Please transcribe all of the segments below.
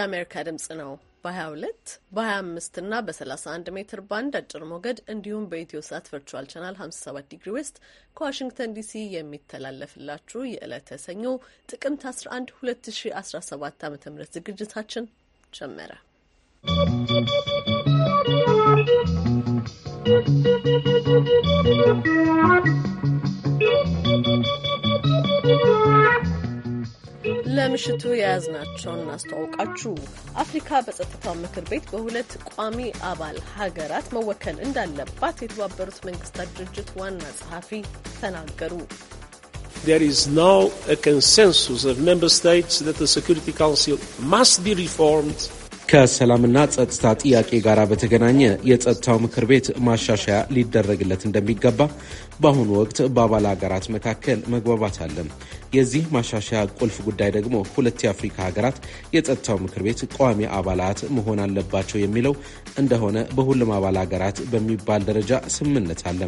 የአሜሪካ ድምጽ ነው። በ22 በ25 እና በ31 ሜትር ባንድ አጭር ሞገድ እንዲሁም በኢትዮ ሳት ቨርቹዋል ቻናል 57 ዲግሪ ዌስት ከዋሽንግተን ዲሲ የሚተላለፍላችሁ የዕለተ ሰኞ ጥቅምት 11 2017 ዓ ም ዝግጅታችን ጀመረ። ¶¶ ለምሽቱ የያዝናቸውን እናስተዋውቃችሁ። አፍሪካ በጸጥታው ምክር ቤት በሁለት ቋሚ አባል ሀገራት መወከል እንዳለባት የተባበሩት መንግስታት ድርጅት ዋና ጸሐፊ ተናገሩ። There is now a consensus of member states that the Security Council must be reformed. ከሰላምና ጸጥታ ጥያቄ ጋር በተገናኘ የጸጥታው ምክር ቤት ማሻሻያ ሊደረግለት እንደሚገባ በአሁኑ ወቅት በአባል ሀገራት መካከል መግባባት አለ። የዚህ ማሻሻያ ቁልፍ ጉዳይ ደግሞ ሁለት የአፍሪካ ሀገራት የጸጥታው ምክር ቤት ቋሚ አባላት መሆን አለባቸው የሚለው እንደሆነ በሁሉም አባል ሀገራት በሚባል ደረጃ ስምምነት አለ።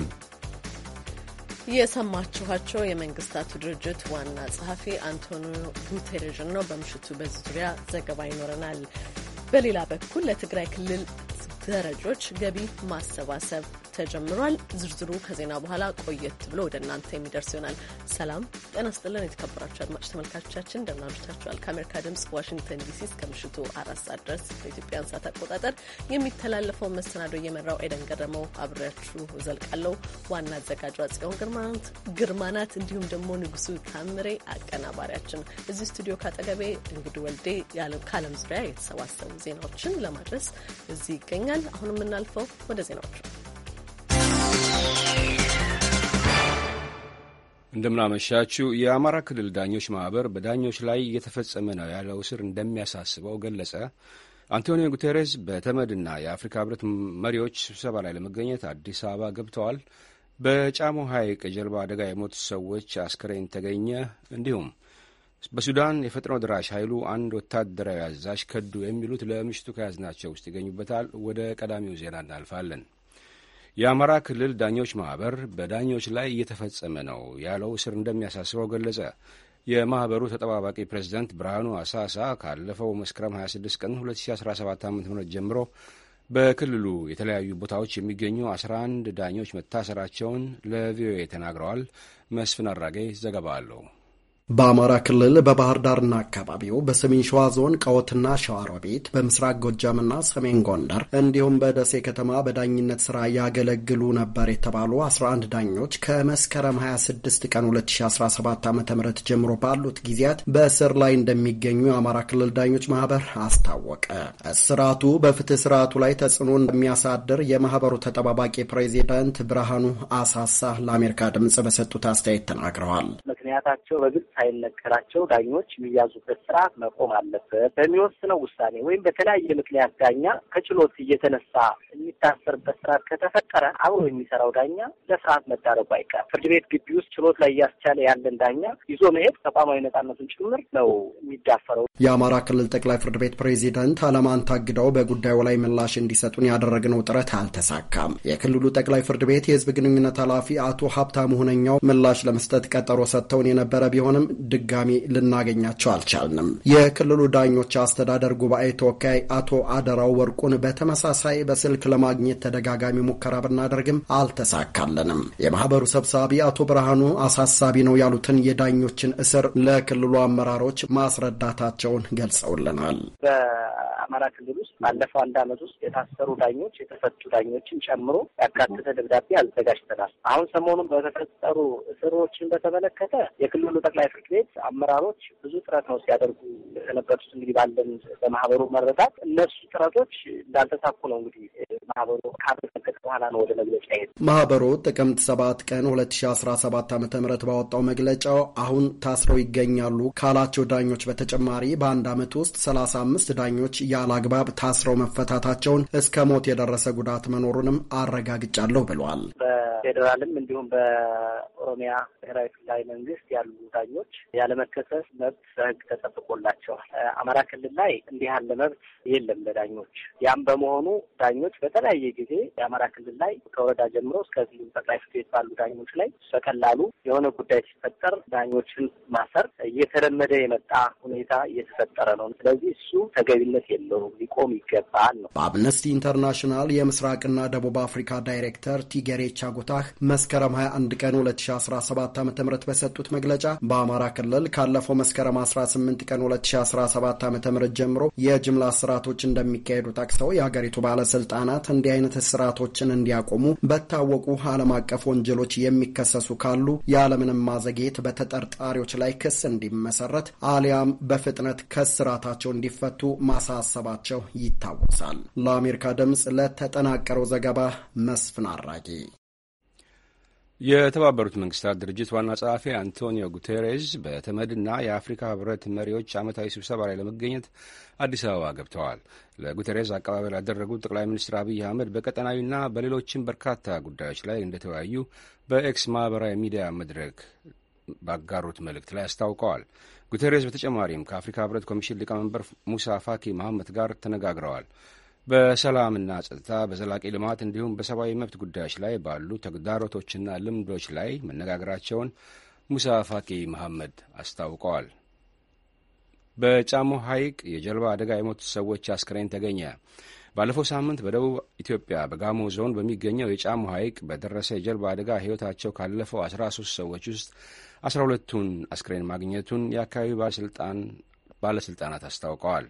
የሰማችኋቸው የመንግስታቱ ድርጅት ዋና ጸሐፊ አንቶኒዮ ጉቴሬዥን ነው። በምሽቱ በዚህ ዙሪያ ዘገባ ይኖረናል። በሌላ በኩል ለትግራይ ክልል ደረጆች ገቢ ማሰባሰብ ተጀምሯል። ዝርዝሩ ከዜና በኋላ ቆየት ብሎ ወደ እናንተ የሚደርስ ይሆናል። ሰላም ጤና ስጥልን፣ የተከበራችሁ አድማጭ ተመልካቾቻችን እንደምን አምሽታችኋል? ከአሜሪካ ድምጽ ዋሽንግተን ዲሲ እስከ ምሽቱ አራት ሰዓት ድረስ በኢትዮጵያ ሰዓት አቆጣጠር የሚተላለፈው መሰናዶ እየመራው ኤደን ገረመው አብሬያችሁ ዘልቃለሁ። ዋና አዘጋጇ ጽዮን ግርማናት፣ እንዲሁም ደግሞ ንጉሱ ታምሬ አቀናባሪያችን። እዚህ ስቱዲዮ ካጠገቤ እንግዲህ ወልዴ ከዓለም ዙሪያ የተሰባሰቡ ዜናዎችን ለማድረስ እዚህ ይገኛል። አሁን የምናልፈው ወደ ዜናዎች ነው። እንደምናመሻችሁ የአማራ ክልል ዳኞች ማህበር በዳኞች ላይ እየተፈጸመ ነው ያለው እስር እንደሚያሳስበው ገለጸ። አንቶኒዮ ጉቴሬስ በተመድና የአፍሪካ ህብረት መሪዎች ስብሰባ ላይ ለመገኘት አዲስ አበባ ገብተዋል። በጫሞ ሐይቅ ጀልባ አደጋ የሞቱ ሰዎች አስክሬን ተገኘ። እንዲሁም በሱዳን የፈጥኖ ድራሽ ኃይሉ አንድ ወታደራዊ አዛዥ ከዱ የሚሉት ለምሽቱ ከያዝናቸው ውስጥ ይገኙበታል። ወደ ቀዳሚው ዜና እናልፋለን። የአማራ ክልል ዳኞች ማኅበር በዳኞች ላይ እየተፈጸመ ነው ያለው እስር እንደሚያሳስበው ገለጸ። የማኅበሩ ተጠባባቂ ፕሬዚዳንት ብርሃኑ አሳሳ ካለፈው መስከረም 26 ቀን 2017 ዓ ም ጀምሮ በክልሉ የተለያዩ ቦታዎች የሚገኙ 11 ዳኞች መታሰራቸውን ለቪኦኤ ተናግረዋል። መስፍን አራጌ ዘገባ አለው። በአማራ ክልል በባህር ዳርና አካባቢው በሰሜን ሸዋ ዞን ቀወትና ሸዋሮቢት በምስራቅ ጎጃምና ሰሜን ጎንደር እንዲሁም በደሴ ከተማ በዳኝነት ስራ ያገለግሉ ነበር የተባሉ 11 ዳኞች ከመስከረም 26 ቀን 2017 ዓ ም ጀምሮ ባሉት ጊዜያት በእስር ላይ እንደሚገኙ የአማራ ክልል ዳኞች ማህበር አስታወቀ። እስራቱ በፍትህ ስርዓቱ ላይ ተጽዕኖ እንደሚያሳድር የማህበሩ ተጠባባቂ ፕሬዚዳንት ብርሃኑ አሳሳ ለአሜሪካ ድምጽ በሰጡት አስተያየት ተናግረዋል። ምክንያታቸው በግልጽ ሳይነገራቸው ዳኞች የሚያዙበት ስርዓት መቆም አለበት። በሚወስነው ውሳኔ ወይም በተለያየ ምክንያት ዳኛ ከችሎት እየተነሳ የሚታሰርበት ስርዓት ከተፈጠረ አብሮ የሚሰራው ዳኛ ለስርዓት መዳረጉ አይቀር። ፍርድ ቤት ግቢ ውስጥ ችሎት ላይ እያስቻለ ያለን ዳኛ ይዞ መሄድ ተቋማዊ ነጻነቱን ጭምር ነው የሚዳፈረው። የአማራ ክልል ጠቅላይ ፍርድ ቤት ፕሬዚደንት አለማን ታግደው በጉዳዩ ላይ ምላሽ እንዲሰጡን ያደረግነው ጥረት አልተሳካም። የክልሉ ጠቅላይ ፍርድ ቤት የህዝብ ግንኙነት ኃላፊ አቶ ሀብታሙ ሁነኛው ምላሽ ለመስጠት ቀጠሮ ሰጥተውን የነበረ ቢሆንም ዳኞችንም ድጋሚ ልናገኛቸው አልቻልንም። የክልሉ ዳኞች አስተዳደር ጉባኤ ተወካይ አቶ አደራው ወርቁን በተመሳሳይ በስልክ ለማግኘት ተደጋጋሚ ሙከራ ብናደርግም አልተሳካለንም። የማህበሩ ሰብሳቢ አቶ ብርሃኑ አሳሳቢ ነው ያሉትን የዳኞችን እስር ለክልሉ አመራሮች ማስረዳታቸውን ገልጸውልናል። አማራ ክልል ውስጥ ባለፈው አንድ ዓመት ውስጥ የታሰሩ ዳኞች የተፈቱ ዳኞችን ጨምሮ ያካተተ ደብዳቤ አዘጋጅተናል። አሁን ሰሞኑን በተፈጠሩ እስሮችን በተመለከተ የክልሉ ጠቅላይ ፍርድ ቤት አመራሮች ብዙ ጥረት ነው ሲያደርጉ የነበሩት። እንግዲህ ባለን በማህበሩ መረዳት እነሱ ጥረቶች እንዳልተሳኩ ነው። እንግዲህ ማህበሩ ካረጋገጠ በኋላ ነው ወደ መግለጫ ይሄድ። ማህበሩ ጥቅምት ሰባት ቀን ሁለት ሺ አስራ ሰባት አመተ ምህረት ባወጣው መግለጫው አሁን ታስረው ይገኛሉ ካላቸው ዳኞች በተጨማሪ በአንድ ዓመት ውስጥ ሰላሳ አምስት ዳኞች ያለአግባብ ታስረው መፈታታቸውን እስከ ሞት የደረሰ ጉዳት መኖሩንም አረጋግጫለሁ ብለዋል። በፌዴራልም እንዲሁም በኦሮሚያ ብሔራዊ ክልላዊ መንግስት ያሉ ዳኞች ያለመከሰስ መብት በህግ ተጠብቆላቸዋል። አማራ ክልል ላይ እንዲህ ያለ መብት የለም ለዳኞች። ያም በመሆኑ ዳኞች በተለያየ ጊዜ የአማራ ክልል ላይ ከወረዳ ጀምሮ እስከዚህ ጠቅላይ ፍርድ ቤት ባሉ ዳኞች ላይ በቀላሉ የሆነ ጉዳይ ሲፈጠር ዳኞችን ማሰር እየተለመደ የመጣ ሁኔታ እየተፈጠረ ነው። ስለዚህ እሱ ተገቢነት የለ የለውም፣ ሊቆም ይገባል ነው። በአምነስቲ ኢንተርናሽናል የምስራቅና ደቡብ አፍሪካ ዳይሬክተር ቲገሬ ቻጉታህ መስከረም 21 ቀን 2017 ዓ ም በሰጡት መግለጫ በአማራ ክልል ካለፈው መስከረም 18 ቀን 2017 ዓ ም ጀምሮ የጅምላ ስርዓቶች እንደሚካሄዱ ጠቅሰው የአገሪቱ ባለስልጣናት እንዲህ አይነት ስርዓቶችን እንዲያቆሙ በታወቁ ዓለም አቀፍ ወንጀሎች የሚከሰሱ ካሉ ያለምንም ማዘግየት በተጠርጣሪዎች ላይ ክስ እንዲመሰረት አሊያም በፍጥነት ከስርዓታቸው እንዲፈቱ ማሳሰ ማሰባቸው ይታወሳል። ለአሜሪካ ድምፅ ለተጠናቀረው ዘገባ መስፍን አራጊ። የተባበሩት መንግስታት ድርጅት ዋና ጸሐፊ አንቶኒዮ ጉቴሬዝ በተመድና የአፍሪካ ህብረት መሪዎች ዓመታዊ ስብሰባ ላይ ለመገኘት አዲስ አበባ ገብተዋል። ለጉቴሬዝ አቀባበል ያደረጉት ጠቅላይ ሚኒስትር አብይ አህመድ በቀጠናዊና በሌሎችም በርካታ ጉዳዮች ላይ እንደተወያዩ በኤክስ ማህበራዊ ሚዲያ መድረክ ባጋሩት መልእክት ላይ አስታውቀዋል። ጉተሬስ በተጨማሪም ከአፍሪካ ህብረት ኮሚሽን ሊቀመንበር ሙሳ ፋኪ መሐመት ጋር ተነጋግረዋል። በሰላምና ጸጥታ፣ በዘላቂ ልማት እንዲሁም በሰብአዊ መብት ጉዳዮች ላይ ባሉ ተግዳሮቶችና ልምዶች ላይ መነጋገራቸውን ሙሳ ፋኪ መሐመድ አስታውቀዋል። በጫሞ ሐይቅ የጀልባ አደጋ የሞቱ ሰዎች አስክሬን ተገኘ። ባለፈው ሳምንት በደቡብ ኢትዮጵያ በጋሞ ዞን በሚገኘው የጫሞ ሐይቅ በደረሰ የጀልባ አደጋ ሕይወታቸው ካለፈው 13 ሰዎች ውስጥ አስራ ሁለቱን አስክሬን ማግኘቱን የአካባቢው ባለስልጣናት አስታውቀዋል።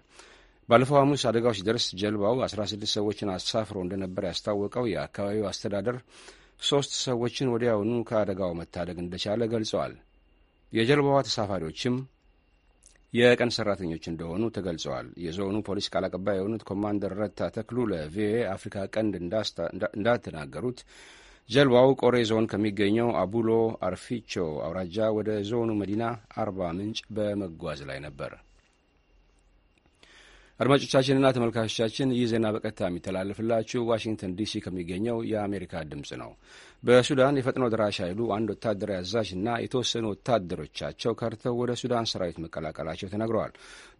ባለፈው ሐሙስ አደጋው ሲደርስ ጀልባው 16 ሰዎችን አሳፍሮ እንደነበር ያስታወቀው የአካባቢው አስተዳደር ሦስት ሰዎችን ወዲያውኑ ከአደጋው መታደግ እንደቻለ ገልጸዋል። የጀልባዋ ተሳፋሪዎችም የቀን ሰራተኞች እንደሆኑ ተገልጸዋል። የዞኑ ፖሊስ ቃል አቀባይ የሆኑት ኮማንደር ረታ ተክሉ ለቪኦኤ አፍሪካ ቀንድ እንዳተናገሩት ጀልባው ቆሬ ዞን ከሚገኘው አቡሎ አርፊቾ አውራጃ ወደ ዞኑ መዲና አርባ ምንጭ በመጓዝ ላይ ነበር። አድማጮቻችንና ተመልካቾቻችን ይህ ዜና በቀጥታ የሚተላለፍላችሁ ዋሽንግተን ዲሲ ከሚገኘው የአሜሪካ ድምፅ ነው። በሱዳን የፈጥኖ ደራሽ ኃይሉ አንድ ወታደራዊ አዛዥና የተወሰኑ ወታደሮቻቸው ከርተው ወደ ሱዳን ሰራዊት መቀላቀላቸው ተነግረዋል።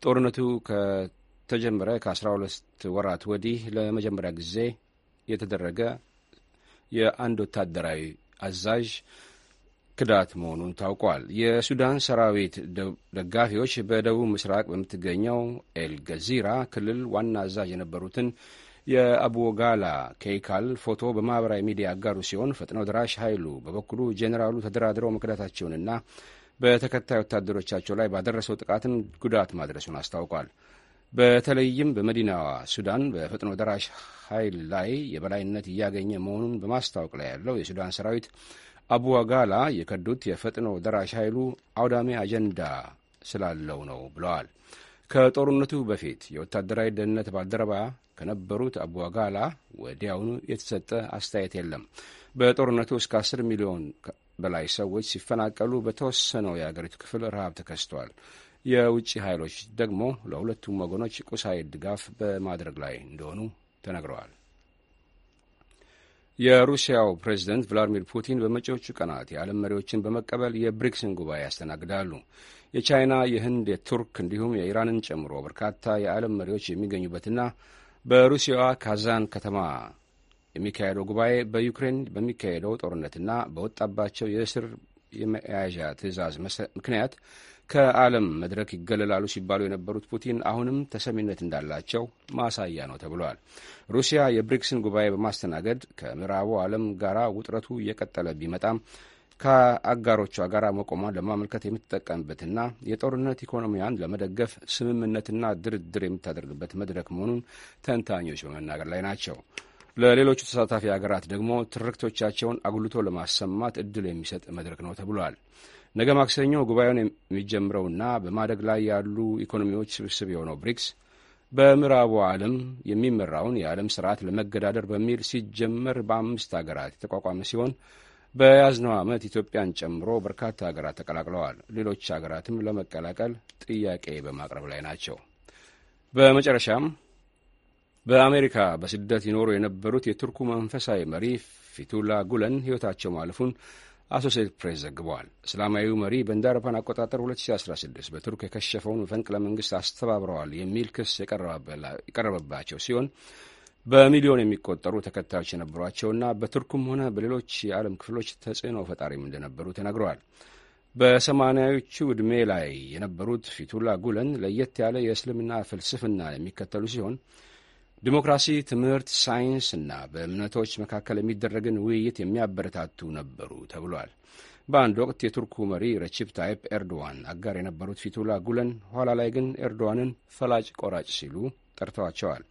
ጦርነቱ ከተጀመረ ከ12 ወራት ወዲህ ለመጀመሪያ ጊዜ የተደረገ የአንድ ወታደራዊ አዛዥ ክዳት መሆኑን ታውቋል። የሱዳን ሰራዊት ደጋፊዎች በደቡብ ምስራቅ በምትገኘው ኤልገዚራ ክልል ዋና አዛዥ የነበሩትን የአቡጋላ ኬይካል ፎቶ በማኅበራዊ ሚዲያ አጋሩ ሲሆን ፈጥነው ድራሽ ኃይሉ በበኩሉ ጄኔራሉ ተደራድረው መክዳታቸውንና በተከታይ ወታደሮቻቸው ላይ ባደረሰው ጥቃትም ጉዳት ማድረሱን አስታውቋል። በተለይም በመዲናዋ ሱዳን በፈጥኖ ደራሽ ኃይል ላይ የበላይነት እያገኘ መሆኑን በማስታወቅ ላይ ያለው የሱዳን ሰራዊት አቡ ዋጋላ የከዱት የፈጥኖ ደራሽ ኃይሉ አውዳሚ አጀንዳ ስላለው ነው ብለዋል። ከጦርነቱ በፊት የወታደራዊ ደህንነት ባልደረባ ከነበሩት አቡ ዋጋላ ወዲያውኑ የተሰጠ አስተያየት የለም። በጦርነቱ እስከ 10 ሚሊዮን በላይ ሰዎች ሲፈናቀሉ በተወሰነው የአገሪቱ ክፍል ረሃብ ተከስቷል። የውጭ ኃይሎች ደግሞ ለሁለቱም ወገኖች ቁሳዊ ድጋፍ በማድረግ ላይ እንደሆኑ ተነግረዋል። የሩሲያው ፕሬዚደንት ቭላዲሚር ፑቲን በመጪዎቹ ቀናት የዓለም መሪዎችን በመቀበል የብሪክስን ጉባኤ ያስተናግዳሉ። የቻይና፣ የህንድ፣ የቱርክ እንዲሁም የኢራንን ጨምሮ በርካታ የዓለም መሪዎች የሚገኙበትና በሩሲያዋ ካዛን ከተማ የሚካሄደው ጉባኤ በዩክሬን በሚካሄደው ጦርነትና በወጣባቸው የእስር የመያዣ ትዕዛዝ ምክንያት ከዓለም መድረክ ይገለላሉ ሲባሉ የነበሩት ፑቲን አሁንም ተሰሚነት እንዳላቸው ማሳያ ነው ተብሏል። ሩሲያ የብሪክስን ጉባኤ በማስተናገድ ከምዕራቡ ዓለም ጋራ ውጥረቱ እየቀጠለ ቢመጣም ከአጋሮቿ ጋር መቆሟን ለማመልከት የምትጠቀምበትና የጦርነት ኢኮኖሚያን ለመደገፍ ስምምነትና ድርድር የምታደርግበት መድረክ መሆኑን ተንታኞች በመናገር ላይ ናቸው። ለሌሎቹ ተሳታፊ ሀገራት ደግሞ ትርክቶቻቸውን አጉልቶ ለማሰማት እድል የሚሰጥ መድረክ ነው ተብሏል። ነገ ማክሰኞ ጉባኤውን የሚጀምረውና በማደግ ላይ ያሉ ኢኮኖሚዎች ስብስብ የሆነው ብሪክስ በምዕራቡ ዓለም የሚመራውን የዓለም ስርዓት ለመገዳደር በሚል ሲጀመር በአምስት ሀገራት የተቋቋመ ሲሆን በያዝነው ዓመት ኢትዮጵያን ጨምሮ በርካታ ሀገራት ተቀላቅለዋል። ሌሎች ሀገራትም ለመቀላቀል ጥያቄ በማቅረብ ላይ ናቸው። በመጨረሻም በአሜሪካ በስደት ይኖሩ የነበሩት የቱርኩ መንፈሳዊ መሪ ፊቱላ ጉለን ሕይወታቸው ማለፉን አሶሴት ፕሬስ ዘግበዋል። እስላማዊው መሪ እንደ አቆጣጠር 2016 በቱርክ የከሸፈውን መፈንቅለ መንግሥት አስተባብረዋል የሚል ክስ የቀረበባቸው ሲሆን በሚሊዮን የሚቆጠሩ ተከታዮች የነበሯቸውና በቱርኩም ሆነ በሌሎች የዓለም ክፍሎች ተጽዕኖ ፈጣሪም እንደነበሩ ተነግረዋል። በሰማኒያዎቹ ዕድሜ ላይ የነበሩት ፊቱላ ጉለን ለየት ያለ የእስልምና ፍልስፍና የሚከተሉ ሲሆን ዲሞክራሲ፣ ትምህርት፣ ሳይንስ እና በእምነቶች መካከል የሚደረግን ውይይት የሚያበረታቱ ነበሩ ተብሏል። በአንድ ወቅት የቱርኩ መሪ ረቺፕ ታይፕ ኤርዶዋን አጋር የነበሩት ፊቱላ ጉለን ኋላ ላይ ግን ኤርዶዋንን ፈላጭ ቆራጭ ሲሉ ጠርተዋቸዋል።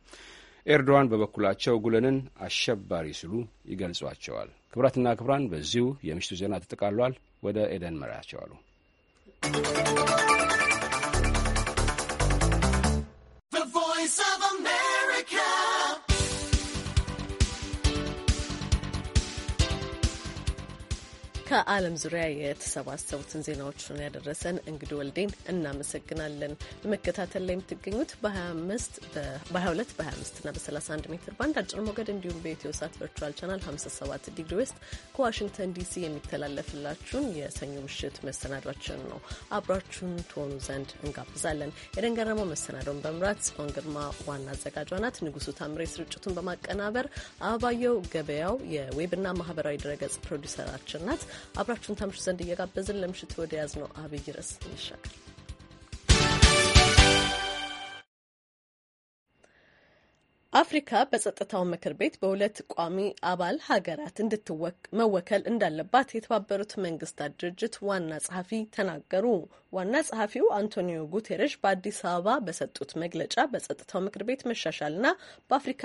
ኤርዶዋን በበኩላቸው ጉለንን አሸባሪ ሲሉ ይገልጿቸዋል። ክብራትና ክብራን በዚሁ የምሽቱ ዜና ተጠቃሏል። ወደ ኤደን መራያቸዋሉ። ከዓለም ዙሪያ የተሰባሰቡትን ዜናዎችን ያደረሰን እንግዲህ ወልዴን እናመሰግናለን። በመከታተል ላይ የምትገኙት በ በ22 በ25 እና በ31 ሜትር ባንድ አጭር ሞገድ እንዲሁም በኢትዮ ሳት ቨርቹዋል ቻናል 57 ዲግሪ ዌስት ከዋሽንግተን ዲሲ የሚተላለፍላችሁን የሰኞ ምሽት መሰናዷችን ነው። አብራችሁን ትሆኑ ዘንድ እንጋብዛለን። የደንገረመው መሰናዶን በመምራት ጽዮን ግርማ ዋና አዘጋጇ ናት። ንጉሱ ታምሬ ስርጭቱን በማቀናበር አበባየው ገበያው የዌብና ማህበራዊ ድረገጽ ፕሮዲሰራችን ናት። አብራችሁን ታምሹ ዘንድ እየጋበዝን ለምሽት ወደ ነው አብይ ርዕስ እንሻገር። አፍሪካ በጸጥታው ምክር ቤት በሁለት ቋሚ አባል ሀገራት መወከል እንዳለባት የተባበሩት መንግስታት ድርጅት ዋና ጸሐፊ ተናገሩ። ዋና ጸሐፊው አንቶኒዮ ጉቴሬሽ በአዲስ አበባ በሰጡት መግለጫ በጸጥታው ምክር ቤት መሻሻልና በአፍሪካ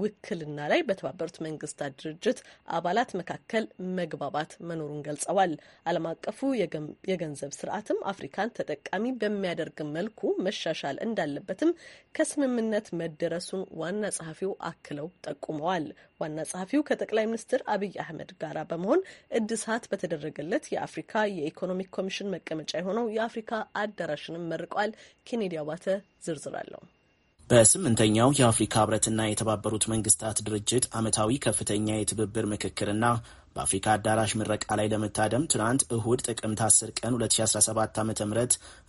ውክልና ላይ በተባበሩት መንግስታት ድርጅት አባላት መካከል መግባባት መኖሩን ገልጸዋል። ዓለም አቀፉ የገንዘብ ስርዓትም አፍሪካን ተጠቃሚ በሚያደርግ መልኩ መሻሻል እንዳለበትም ከስምምነት መደረሱን ዋና ጸሐፊው አክለው ጠቁመዋል። ዋና ጸሐፊው ከጠቅላይ ሚኒስትር አብይ አህመድ ጋር በመሆን እድሳት በተደረገለት የአፍሪካ የኢኮኖሚክ ኮሚሽን መቀመጫ የሆነው የአፍሪካ አዳራሽንም መርቋል። ኬኔዲ አባተ ዝርዝር አለው። በስምንተኛው የአፍሪካ ህብረትና የተባበሩት መንግስታት ድርጅት ዓመታዊ ከፍተኛ የትብብር ምክክርና በአፍሪካ አዳራሽ ምረቃ ላይ ለመታደም ትናንት እሁድ ጥቅምት 10 ቀን 2017 ዓ ም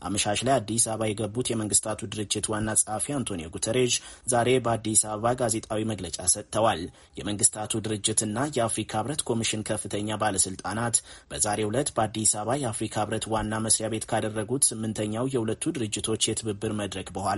አመሻሽ ላይ አዲስ አበባ የገቡት የመንግስታቱ ድርጅት ዋና ጸሐፊ አንቶኒዮ ጉተሬዥ ዛሬ በአዲስ አበባ ጋዜጣዊ መግለጫ ሰጥተዋል። የመንግስታቱ ድርጅትና የአፍሪካ ህብረት ኮሚሽን ከፍተኛ ባለስልጣናት በዛሬው ዕለት በአዲስ አበባ የአፍሪካ ህብረት ዋና መስሪያ ቤት ካደረጉት ስምንተኛው የሁለቱ ድርጅቶች የትብብር መድረክ በኋላ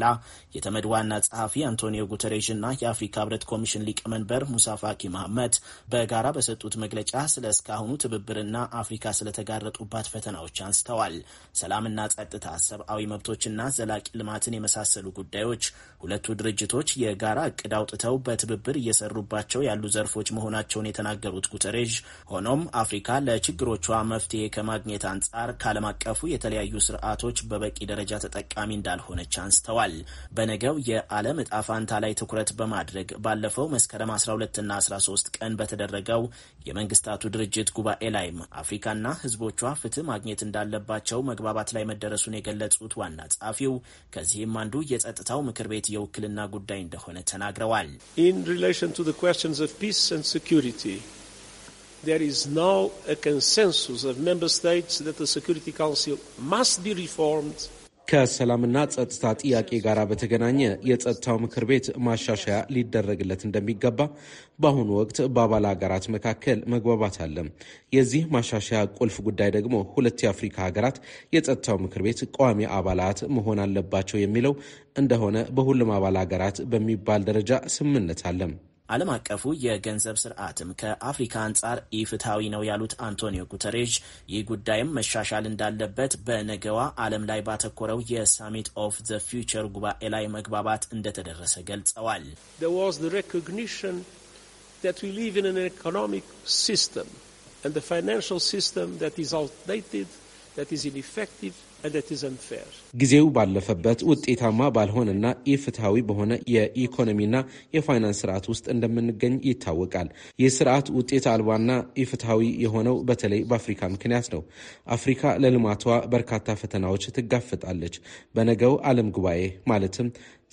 የተመድ ዋና ጸሐፊ አንቶኒዮ ጉተሬዥ እና የአፍሪካ ህብረት ኮሚሽን ሊቀመንበር ሙሳ ፋኪ መሐመድ በጋራ በሰጡት መግለጫ ስለ እስካሁኑ ትብብርና አፍሪካ ስለተጋረጡባት ፈተናዎች አንስተዋል። ሰላምና ጸጥታ፣ ሰብአዊ መብቶችና ዘላቂ ልማትን የመሳሰሉ ጉዳዮች ሁለቱ ድርጅቶች የጋራ እቅድ አውጥተው በትብብር እየሰሩባቸው ያሉ ዘርፎች መሆናቸውን የተናገሩት ጉተሬዥ፣ ሆኖም አፍሪካ ለችግሮቿ መፍትሄ ከማግኘት አንጻር ከዓለም አቀፉ የተለያዩ ስርዓቶች በበቂ ደረጃ ተጠቃሚ እንዳልሆነች አንስተዋል። በነገው የዓለም እጣ ፋንታ ላይ ትኩረት በማድረግ ባለፈው መስከረም 12ና 13 ቀን በተደረገው የመንግስት የመንግስታቱ ድርጅት ጉባኤ ላይም አፍሪካና ህዝቦቿ ፍትህ ማግኘት እንዳለባቸው መግባባት ላይ መደረሱን የገለጹት ዋና ጸሐፊው ከዚህም አንዱ የጸጥታው ምክር ቤት የውክልና ጉዳይ እንደሆነ ተናግረዋል። ኢን ሪሌሽን ቱ ፒስ ኤንድ ሴኩሪቲ ዜር ኢዝ ናው አ ማስት ቢ ሪፎርምድ ከሰላምና ጸጥታ ጥያቄ ጋር በተገናኘ የጸጥታው ምክር ቤት ማሻሻያ ሊደረግለት እንደሚገባ በአሁኑ ወቅት በአባል ሀገራት መካከል መግባባት አለ። የዚህ ማሻሻያ ቁልፍ ጉዳይ ደግሞ ሁለት የአፍሪካ ሀገራት የጸጥታው ምክር ቤት ቋሚ አባላት መሆን አለባቸው የሚለው እንደሆነ በሁሉም አባል ሀገራት በሚባል ደረጃ ስምምነት አለ። ዓለም አቀፉ የገንዘብ ስርዓትም ከአፍሪካ አንጻር ኢፍትሐዊ ነው ያሉት አንቶኒዮ ጉተሬዥ ይህ ጉዳይም መሻሻል እንዳለበት በነገዋ ዓለም ላይ ባተኮረው የሳሚት ኦፍ ዘ ፊውቸር ጉባኤ ላይ መግባባት እንደተደረሰ ገልጸዋል። ሲስተም ጊዜው ባለፈበት ውጤታማ ባልሆነና ኢፍትሐዊ በሆነ የኢኮኖሚና የፋይናንስ ስርዓት ውስጥ እንደምንገኝ ይታወቃል። ይህ ስርዓት ውጤት አልባና ኢፍትሐዊ የሆነው በተለይ በአፍሪካ ምክንያት ነው። አፍሪካ ለልማቷ በርካታ ፈተናዎች ትጋፍጣለች። በነገው ዓለም ጉባኤ ማለትም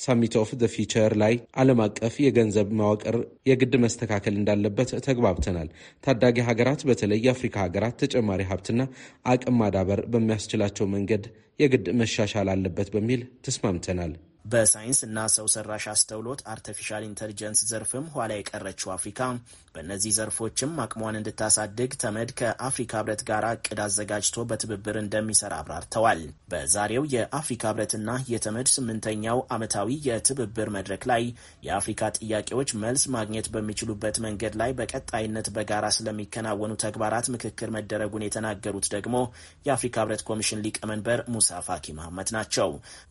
ሳሚት ኦፍ ዘ ፊቸር ላይ ዓለም አቀፍ የገንዘብ መዋቅር የግድ መስተካከል እንዳለበት ተግባብተናል። ታዳጊ ሀገራት በተለይ የአፍሪካ ሀገራት ተጨማሪ ሀብትና አቅም ማዳበር በሚያስችላቸው መንገድ የግድ መሻሻል አለበት በሚል ተስማምተናል። በሳይንስ እና ሰው ሰራሽ አስተውሎት አርቲፊሻል ኢንተሊጀንስ ዘርፍም ኋላ የቀረችው አፍሪካ በእነዚህ ዘርፎችም አቅሟን እንድታሳድግ ተመድ ከአፍሪካ ህብረት ጋር እቅድ አዘጋጅቶ በትብብር እንደሚሰራ አብራርተዋል። በዛሬው የአፍሪካ ህብረትና የተመድ ስምንተኛው ዓመታዊ የትብብር መድረክ ላይ የአፍሪካ ጥያቄዎች መልስ ማግኘት በሚችሉበት መንገድ ላይ በቀጣይነት በጋራ ስለሚከናወኑ ተግባራት ምክክር መደረጉን የተናገሩት ደግሞ የአፍሪካ ህብረት ኮሚሽን ሊቀመንበር ሙሳ ፋኪ መሐመድ ናቸው።